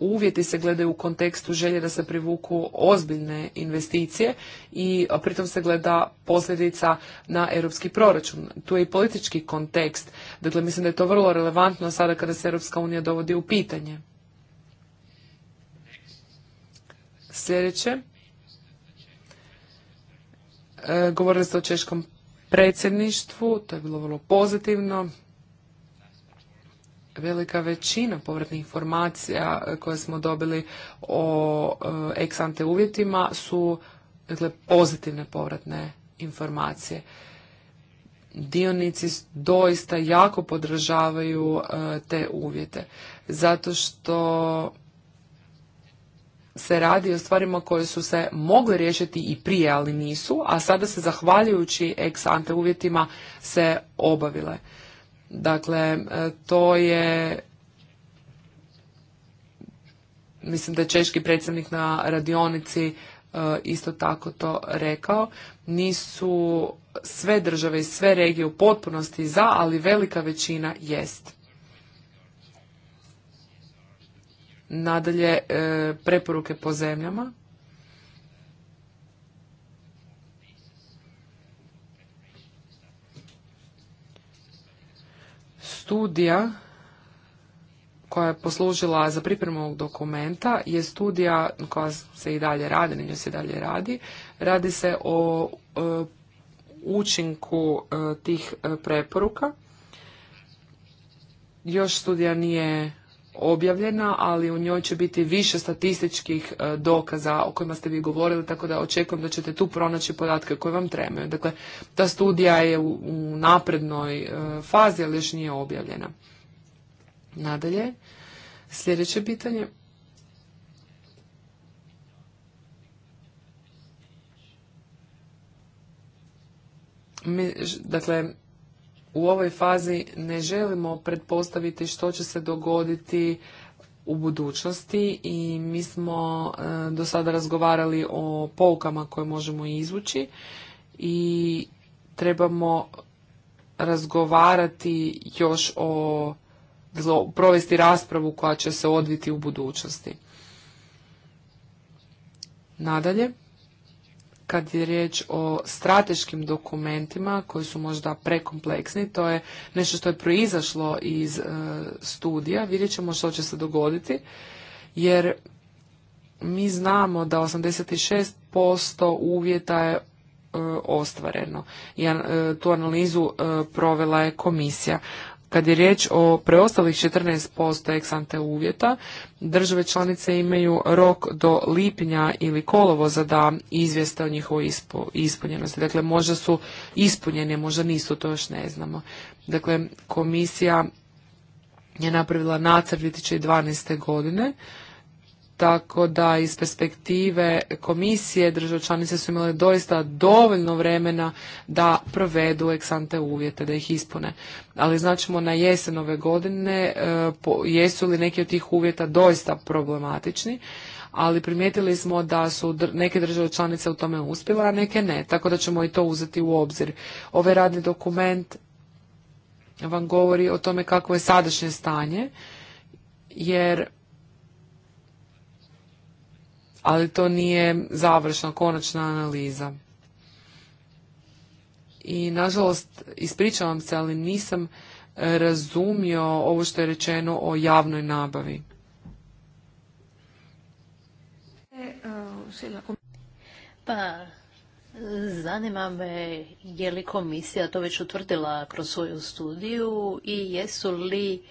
uvjeti se gledaju u kontekstu želje da se privuku ozbiljne investicije i pritom se gleda posljedica na europski proračun. Tu je i politički kontekst. Dakle, mislim da je to vrlo relevantno sada kada se Europska unija dovodi u pitanje. Sljedeće, E, govorili ste o češkom predsjedništvu, to je bilo vrlo pozitivno. Velika većina povratnih informacija e, koje smo dobili o eksante uvjetima su dakle, pozitivne povratne informacije. Dionici doista jako podržavaju e, te uvjete, zato što se radi o stvarima koje su se mogle riješiti i prije, ali nisu, a sada se zahvaljujući ex ante uvjetima se obavile. Dakle, e, to je mislim da je češki predsjednik na radionici e, isto tako to rekao, nisu sve države i sve regije u potpunosti za, ali velika većina jest. Nadalje, e, preporuke po zemljama. Studija koja je poslužila za pripremu ovog dokumenta je studija koja se i dalje radi, na njoj se i dalje radi. Radi se o e, učinku e, tih preporuka. Još studija nije objavljena, ali u njoj će biti više statističkih e, dokaza o kojima ste vi govorili, tako da očekujem da ćete tu pronaći podatke koje vam trebaju. Dakle, ta studija je u naprednoj e, fazi, ali još nije objavljena. Nadalje, sljedeće pitanje. dakle, u ovoj fazi ne želimo pretpostaviti što će se dogoditi u budućnosti i mi smo e, do sada razgovarali o poukama koje možemo izvući i trebamo razgovarati još o provesti raspravu koja će se odviti u budućnosti. Nadalje, kad je riječ o strateškim dokumentima koji su možda prekompleksni, to je nešto što je proizašlo iz e, studija, vidjet ćemo što će se dogoditi, jer mi znamo da 86% uvjeta je e, ostvareno. I, e, tu analizu provela je komisija. Kad je riječ o preostalih 14% eksante uvjeta, države članice imaju rok do lipnja ili kolovoza da izvijeste o njihovoj ispunjenosti. Dakle, možda su ispunjene, možda nisu, to još ne znamo. Dakle, komisija je napravila nacrt 2012. godine tako da iz perspektive komisije države članice su imale doista dovoljno vremena da provedu eksante uvjete, da ih ispune. Ali značimo na jesen ove godine e, jesu li neki od tih uvjeta doista problematični, ali primijetili smo da su neke države članice u tome uspjele, a neke ne, tako da ćemo i to uzeti u obzir. Ovaj radni dokument vam govori o tome kako je sadašnje stanje, jer ali to nije završna, konačna analiza. I nažalost, ispričavam se, ali nisam e, razumio ovo što je rečeno o javnoj nabavi. Pa, zanima me je li komisija to već utvrdila kroz svoju studiju i jesu li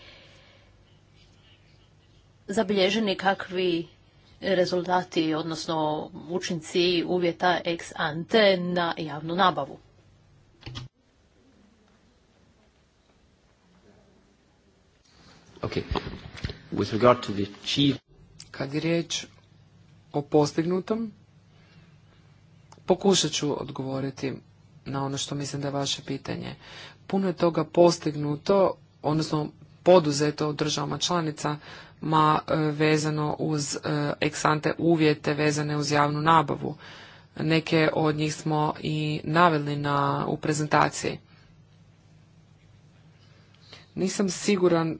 zabilježeni kakvi rezultati, odnosno učinci uvjeta ex ante na javnu nabavu. Kad je riječ o postignutom, pokušat ću odgovoriti na ono što mislim da je vaše pitanje. Puno je toga postignuto, odnosno poduzeto od državama članica, ma e, vezano uz e, eksante uvjete vezane uz javnu nabavu. Neke od njih smo i naveli na, u prezentaciji. Nisam siguran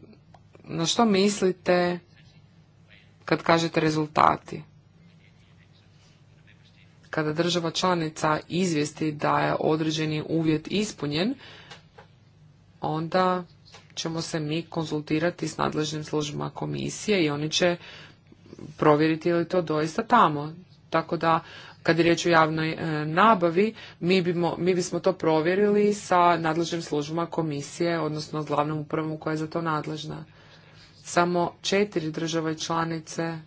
na što mislite kad kažete rezultati. Kada država članica izvijesti da je određeni uvjet ispunjen, onda ćemo se mi konzultirati s nadležnim službama komisije i oni će provjeriti je li to doista tamo. Tako da kad je riječ o javnoj e, nabavi, mi, mi bismo to provjerili sa nadležnim službama komisije, odnosno glavnom upravom koja je za to nadležna. Samo četiri države članice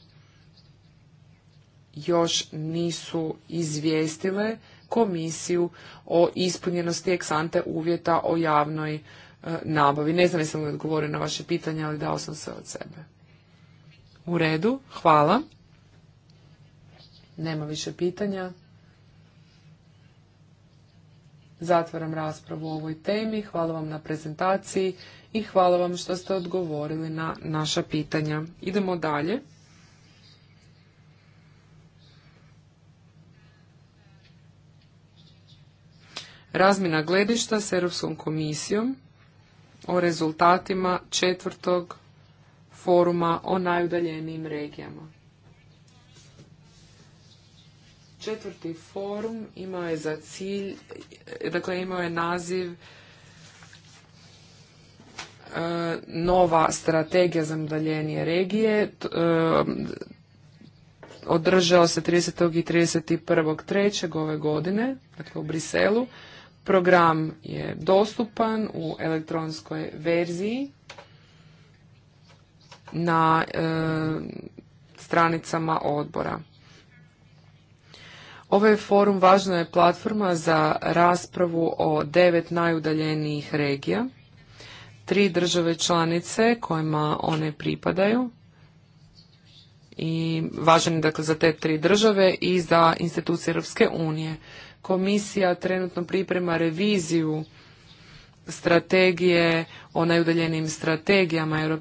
još nisu izvijestile komisiju o ispunjenosti eksante uvjeta o javnoj nabavi. Ne znam jesam li odgovorio na vaše pitanje, ali dao sam sve od sebe. U redu, hvala. Nema više pitanja. Zatvaram raspravu o ovoj temi. Hvala vam na prezentaciji i hvala vam što ste odgovorili na naša pitanja. Idemo dalje. Razmjena gledišta s Europskom komisijom o rezultatima četvrtog foruma o najudaljenijim regijama. Četvrti forum imao je za cilj, dakle imao je naziv e, nova strategija za udaljenije regije. E, održao se 30. i 31. trećeg ove godine, dakle u Briselu. Program je dostupan u elektronskoj verziji na e, stranicama odbora. Ovaj forum važna je platforma za raspravu o devet najudaljenijih regija, tri države članice kojima one pripadaju i važan je dakle za te tri države i za institucije Europske unije. Komisija trenutno priprema reviziju strategije o najudaljenijim strategijama e,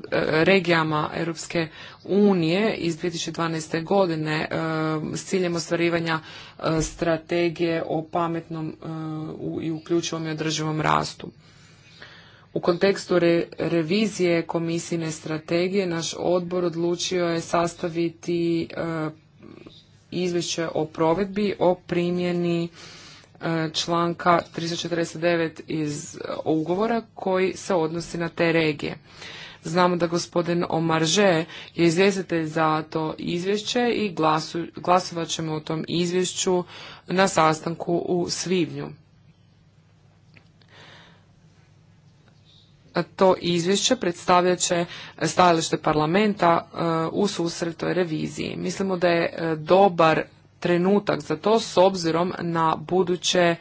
regijama Europske unije iz 2012. godine e, s ciljem ostvarivanja e, strategije o pametnom i uključivom i održivom rastu. U kontekstu revizije komisijne strategije naš odbor odlučio je sastaviti izvješće o provedbi, o primjeni e, članka 349 iz e, ugovora koji se odnosi na te regije. Znamo da gospodin Omarže je izvjestitelj za to izvješće i glasovat ćemo o tom izvješću na sastanku u Svibnju. to izvješće predstavljat će stajalište parlamenta e, u susret toj reviziji. Mislimo da je e, dobar trenutak za to s obzirom na buduće e,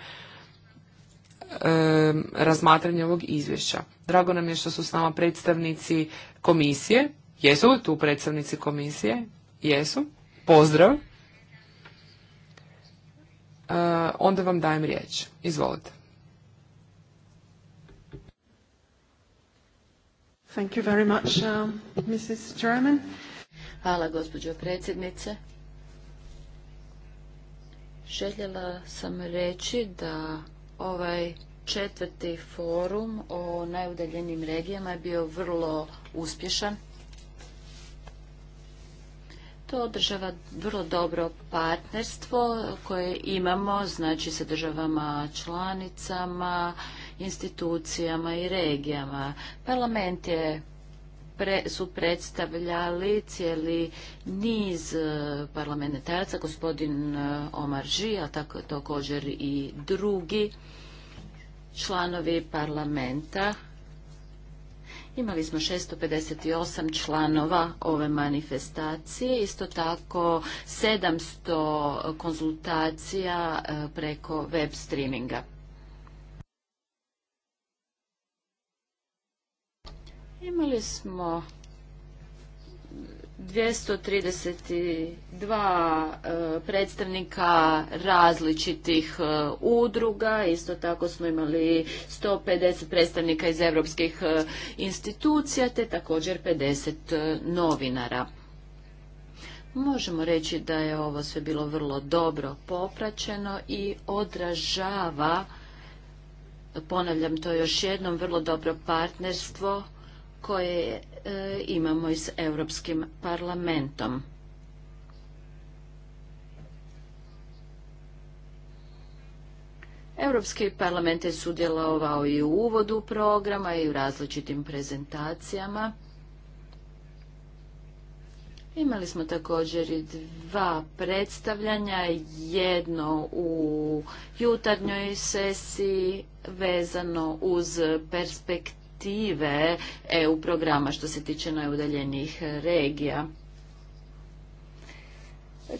razmatranje ovog izvješća. Drago nam je što su s nama predstavnici komisije. Jesu li tu predstavnici komisije? Jesu. Pozdrav. Onda vam dajem riječ. Izvolite. Thank you um, Hvala, gospođo predsjednice. Željela sam reći da ovaj četvrti forum o najudaljenim regijama je bio vrlo uspješan. To održava vrlo dobro partnerstvo koje imamo, znači sa državama članicama institucijama i regijama. Parlament je su predstavljali cijeli niz e, parlamentarca, gospodin e, Omar Ži, a tako, također i drugi članovi parlamenta. Imali smo 658 članova ove manifestacije, isto tako 700 konzultacija e, preko web streaminga. Imali smo 232 e, predstavnika različitih e, udruga, isto tako smo imali 150 predstavnika iz europskih e, institucija, te također 50 novinara. Možemo reći da je ovo sve bilo vrlo dobro popraćeno i odražava, ponavljam to još jednom, vrlo dobro partnerstvo koje e, imamo i s Europskim parlamentom. Europski parlament je sudjelovao i u uvodu programa i u različitim prezentacijama. Imali smo također i dva predstavljanja, jedno u jutarnjoj sesiji vezano uz perspektivu perspektive EU programa što se tiče najudaljenijih regija.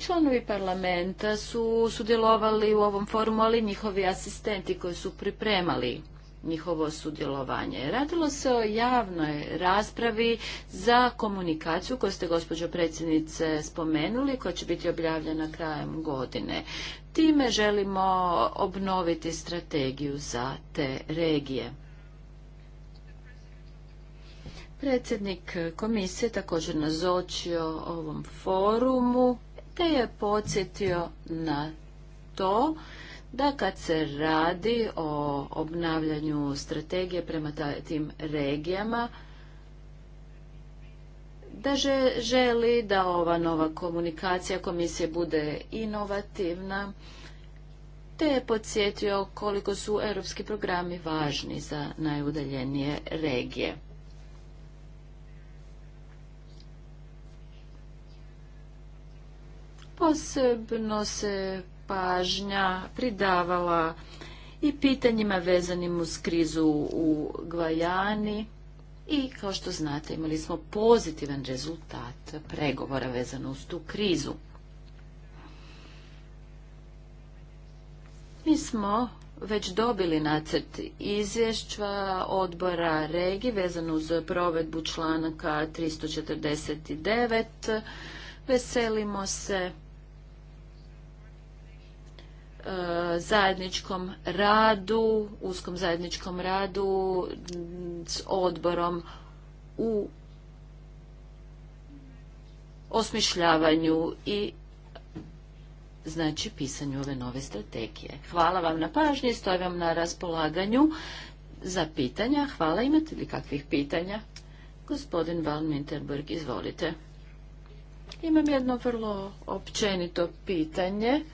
Članovi parlamenta su sudjelovali u ovom forumu, ali njihovi asistenti koji su pripremali njihovo sudjelovanje. Radilo se o javnoj raspravi za komunikaciju koju ste gospođo predsjednice spomenuli, koja će biti objavljena krajem godine. Time želimo obnoviti strategiju za te regije. Predsjednik komisije također nazočio ovom forumu te je podsjetio na to da kad se radi o obnavljanju strategije prema tim regijama, da želi da ova nova komunikacija komisije bude inovativna, te je podsjetio koliko su europski programi važni za najudaljenije regije. Posebno se pažnja pridavala i pitanjima vezanim uz krizu u Gvajani i kao što znate imali smo pozitivan rezultat pregovora vezano uz tu krizu. Mi smo već dobili nacrt izvješća odbora regi vezano uz provedbu članaka 349. Veselimo se E, zajedničkom radu, uskom zajedničkom radu s odborom u osmišljavanju i znači pisanju ove nove strategije. Hvala vam na pažnji, stojim vam na raspolaganju za pitanja. Hvala, imate li kakvih pitanja? Gospodin Van Minterberg, izvolite. Imam jedno vrlo općenito pitanje.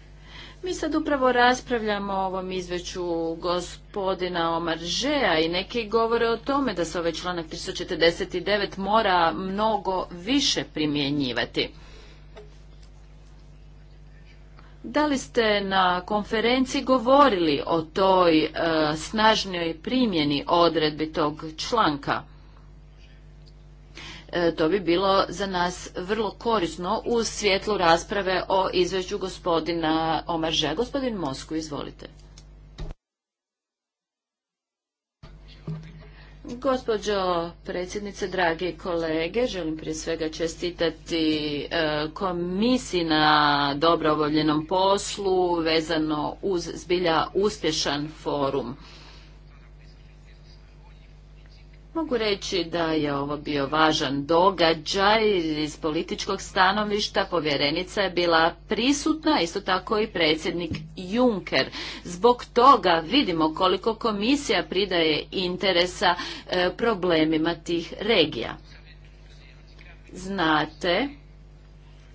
Mi sad upravo raspravljamo o ovom izveću gospodina Žeja i neki govore o tome da se ovaj članak 349 mora mnogo više primjenjivati. Da li ste na konferenciji govorili o toj e, snažnoj primjeni odredbi tog članka? E, to bi bilo za nas vrlo korisno u svjetlu rasprave o izvješću gospodina Omarže. Gospodin Mosku, izvolite. Gospođo predsjednice, drage kolege, želim prije svega čestitati e, komisi na dobrovoljenom poslu vezano uz zbilja uspješan forum. Mogu reći da je ovo bio važan događaj iz političkog stanovišta. Povjerenica je bila prisutna, isto tako i predsjednik Juncker. Zbog toga vidimo koliko komisija pridaje interesa e, problemima tih regija. Znate,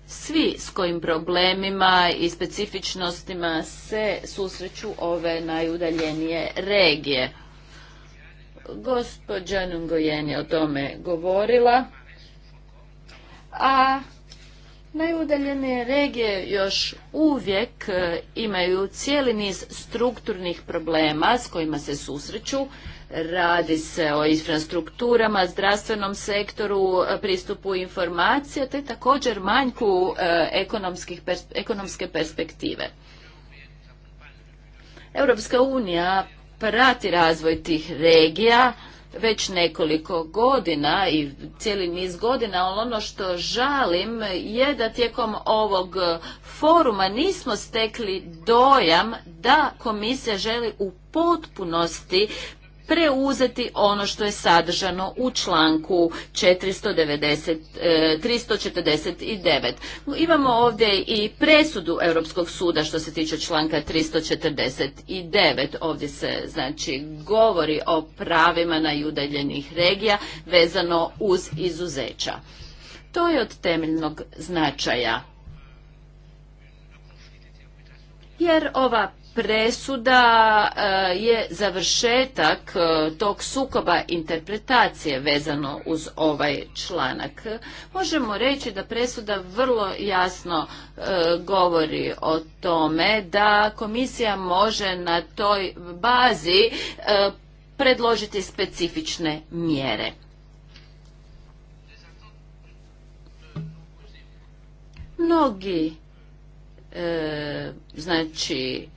svi s kojim problemima i specifičnostima se susreću ove najudaljenije regije Gospođa Nungojen je o tome govorila, a najudaljene regije još uvijek e, imaju cijeli niz strukturnih problema s kojima se susreću. Radi se o infrastrukturama, zdravstvenom sektoru, e, pristupu informacija te također manjku e, ekonomske perspektive. Europska unija prati razvoj tih regija već nekoliko godina i cijeli niz godina, ali ono što žalim je da tijekom ovog foruma nismo stekli dojam da komisija želi u potpunosti preuzeti ono što je sadržano u članku 349. E, Imamo ovdje i presudu Europskog suda što se tiče članka 349. Ovdje se znači govori o pravima na udaljenih regija vezano uz izuzeća. To je od temeljnog značaja jer ova presuda e, je završetak e, tog sukoba interpretacije vezano uz ovaj članak. Možemo reći da presuda vrlo jasno e, govori o tome da komisija može na toj bazi predložiti specifične mjere. Mnogi znači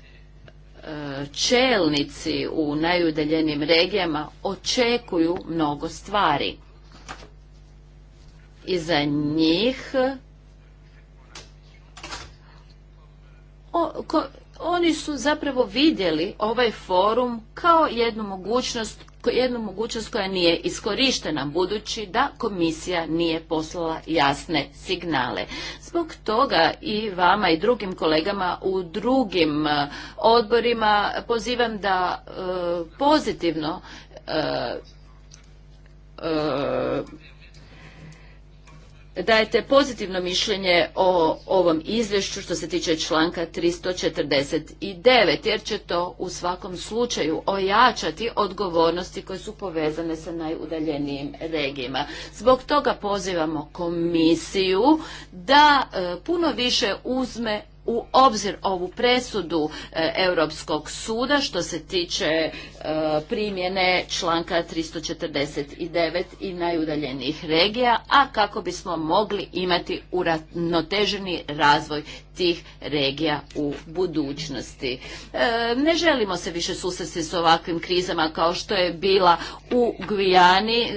čelnici u najudeljenim regijama očekuju mnogo stvari. I za njih oni su zapravo vidjeli ovaj forum kao jednu mogućnost jednu mogućnost koja nije iskorištena budući da komisija nije poslala jasne signale. Zbog toga i vama i drugim kolegama u drugim eh, odborima pozivam da eh, pozitivno eh, dajete pozitivno mišljenje o ovom izvješću što se tiče članka 349, jer će to u svakom slučaju ojačati odgovornosti koje su povezane sa najudaljenijim regijima. Zbog toga pozivamo komisiju da e, puno više uzme u obzir ovu presudu e, Europskog suda što se tiče e, primjene članka 349 i najudaljenijih regija, a kako bismo mogli imati uravnoteženi razvoj tih regija u budućnosti. E, ne želimo se više susresti s ovakvim krizama kao što je bila u Gvijani.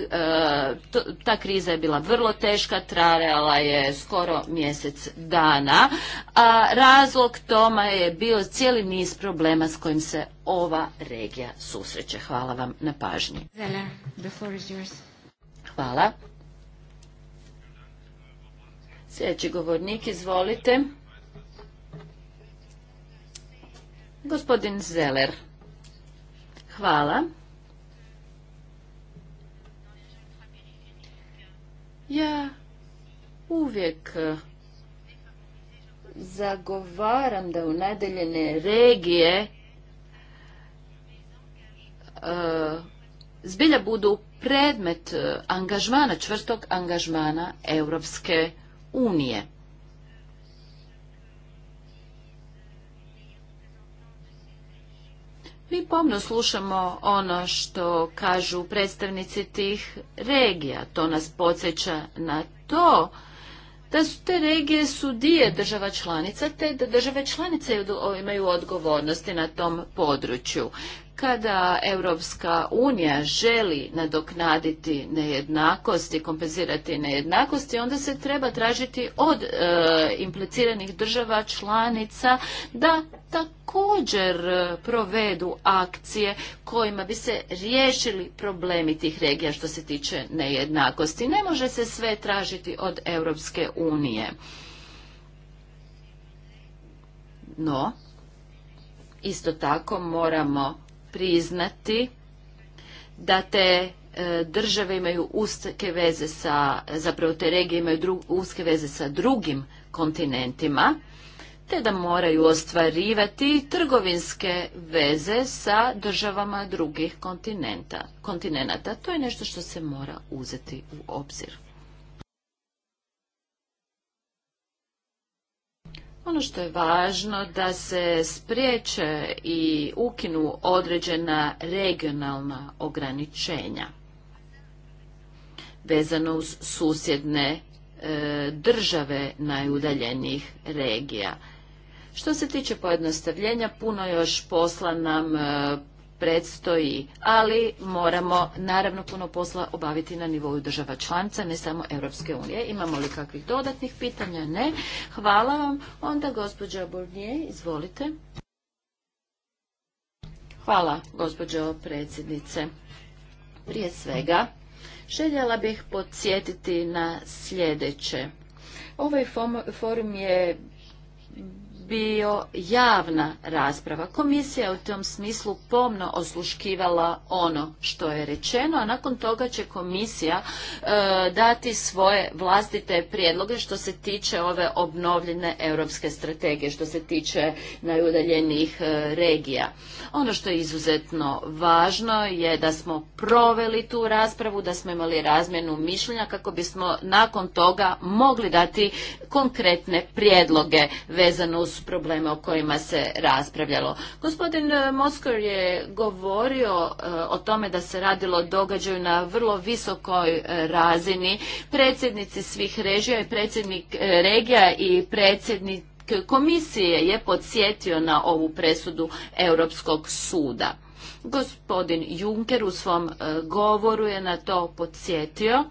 ta kriza je bila vrlo teška, trajala je skoro mjesec dana. A Razlog toma je bio cijeli niz problema s kojim se ova regija susreće. Hvala vam na pažnji. Hvala. Sljedeći govornik, izvolite. Gospodin Zeller. Hvala. Ja uvijek zagovaram da u unadeljene regije e, zbilja budu predmet e, angažmana, čvrstog angažmana Europske unije. Mi pomno slušamo ono što kažu predstavnici tih regija. To nas podsjeća na to da su te regije su dije država članica, te da države članice imaju odgovornosti na tom području. Kada Europska unija želi nadoknaditi nejednakosti, i kompenzirati nejednakosti, onda se treba tražiti od e, impliciranih država članica da također e, provedu akcije kojima bi se riješili problemi tih regija što se tiče nejednakosti. Ne može se sve tražiti od Europske unije. No, isto tako moramo priznati da te e, države imaju uske veze sa, zapravo te regije imaju uske veze sa drugim kontinentima, te da moraju ostvarivati trgovinske veze sa državama drugih kontinenta. kontinenta. To je nešto što se mora uzeti u obzir. Ono što je važno da se spriječe i ukinu određena regionalna ograničenja vezano uz susjedne e, države najudaljenijih regija. Što se tiče pojednostavljenja, puno još posla nam e, predstoji, ali moramo naravno puno posla obaviti na nivou država članica, ne samo Europske unije. Imamo li kakvih dodatnih pitanja? Ne. Hvala vam. Onda gospođa Bournier, izvolite. Hvala gospođo predsjednice. Prije svega, željela bih podsjetiti na sljedeće. Ovaj forum je bio javna rasprava. Komisija je u tom smislu pomno osluškivala ono što je rečeno, a nakon toga će komisija e, dati svoje vlastite prijedloge što se tiče ove obnovljene europske strategije, što se tiče najudaljenijih e, regija. Ono što je izuzetno važno je da smo proveli tu raspravu, da smo imali razmjenu mišljenja kako bismo nakon toga mogli dati konkretne prijedloge vezano uz problema probleme o kojima se raspravljalo. Gospodin e, Moskor je govorio e, o tome da se radilo događaju na vrlo visokoj e, razini. Predsjednici svih režija i predsjednik regija i predsjednik komisije je podsjetio na ovu presudu Europskog suda. Gospodin Juncker u svom govoru je na to podsjetio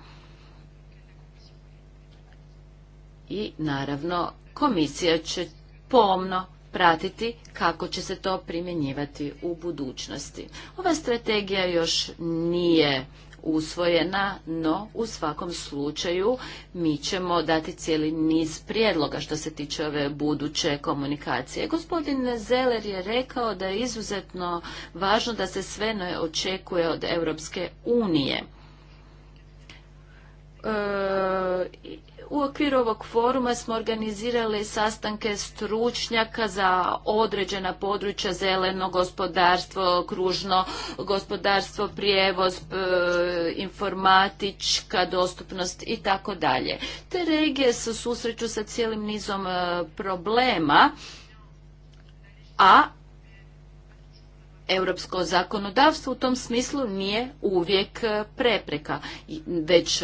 i naravno komisija će pomno pratiti kako će se to primjenjivati u budućnosti. Ova strategija još nije usvojena, no u svakom slučaju mi ćemo dati cijeli niz prijedloga što se tiče ove buduće komunikacije. Gospodin Zeler je rekao da je izuzetno važno da se sve ne očekuje od Europske unije. E, u okviru ovog foruma smo organizirali sastanke stručnjaka za određena područja zeleno gospodarstvo, kružno gospodarstvo, prijevoz, e, informatička dostupnost i tako dalje. Te regije se susreću sa cijelim nizom e, problema, a europsko zakonodavstvo u tom smislu nije uvijek e, prepreka, već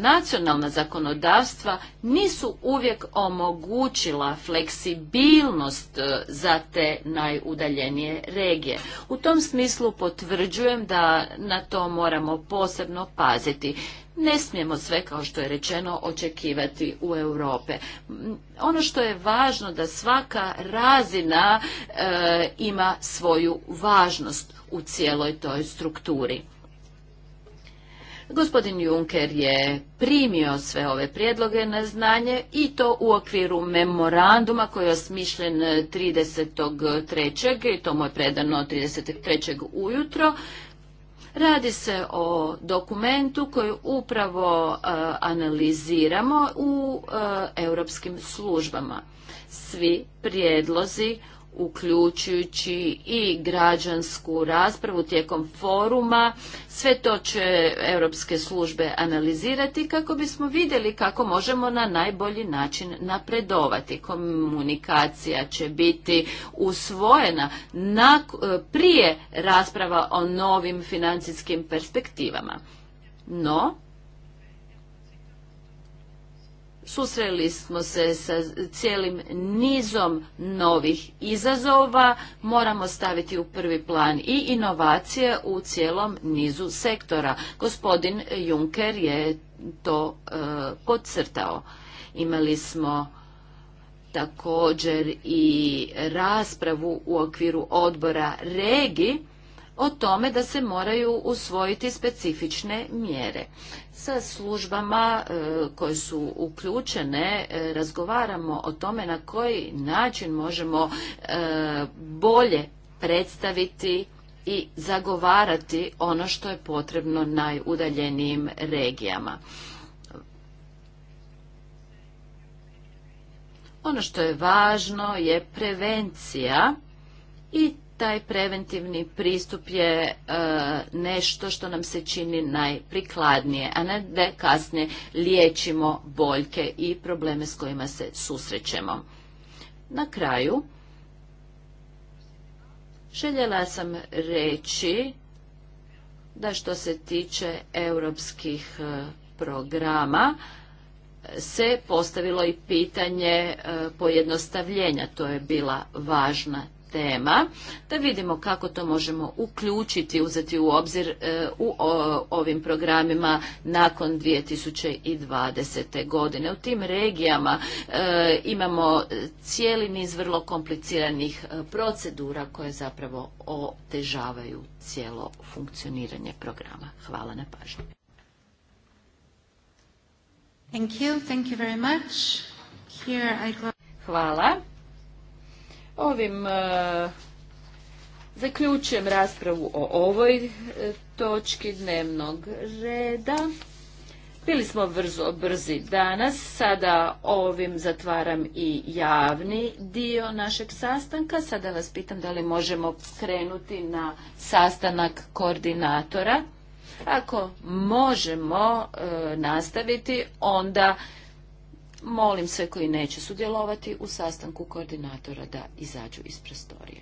nacionalna zakonodavstva nisu uvijek omogućila fleksibilnost e, za te najudaljenije regije. U tom smislu potvrđujem da na to moramo posebno paziti. Ne smijemo sve, kao što je rečeno, očekivati u Europe. Ono što je važno da svaka razina e, ima svoju važnost u cijeloj toj strukturi. Gospodin Juncker je primio sve ove prijedloge na znanje i to u okviru memoranduma koji je osmišljen 33. i to mu je predano 33. ujutro. Radi se o dokumentu koji upravo e, analiziramo u e, europskim službama. Svi prijedlozi uključujući i građansku raspravu tijekom foruma. Sve to će europske službe analizirati kako bismo vidjeli kako možemo na najbolji način napredovati. Komunikacija će biti usvojena e, prije rasprava o novim financijskim perspektivama. No, susreli smo se sa cijelim nizom novih izazova, moramo staviti u prvi plan i inovacije u cijelom nizu sektora. Gospodin Juncker je to e, podcrtao. Imali smo također i raspravu u okviru odbora regi o tome da se moraju usvojiti specifične mjere. Sa službama e, koje su uključene e, razgovaramo o tome na koji način možemo e, bolje predstaviti i zagovarati ono što je potrebno najudaljenijim regijama. Ono što je važno je prevencija i taj preventivni pristup je e, nešto što nam se čini najprikladnije, a ne da kasnije liječimo boljke i probleme s kojima se susrećemo. Na kraju, željela sam reći da što se tiče europskih e, programa, se postavilo i pitanje e, pojednostavljenja. To je bila važna tema, da vidimo kako to možemo uključiti, uzeti u obzir e, u ovim programima nakon 2020. godine. U tim regijama e, imamo cijeli niz vrlo kompliciranih e, procedura koje zapravo otežavaju cijelo funkcioniranje programa. Hvala na pažnju. Thank you, thank you very much. Here I Hvala. Ovim e, zaključujem raspravu o ovoj e, točki dnevnog reda. Bili smo vrzo brzi danas, sada ovim zatvaram i javni dio našeg sastanka. Sada vas pitam da li možemo krenuti na sastanak koordinatora. Ako možemo e, nastaviti, onda Molim sve koji neće sudjelovati u sastanku koordinatora da izađu iz prostorije.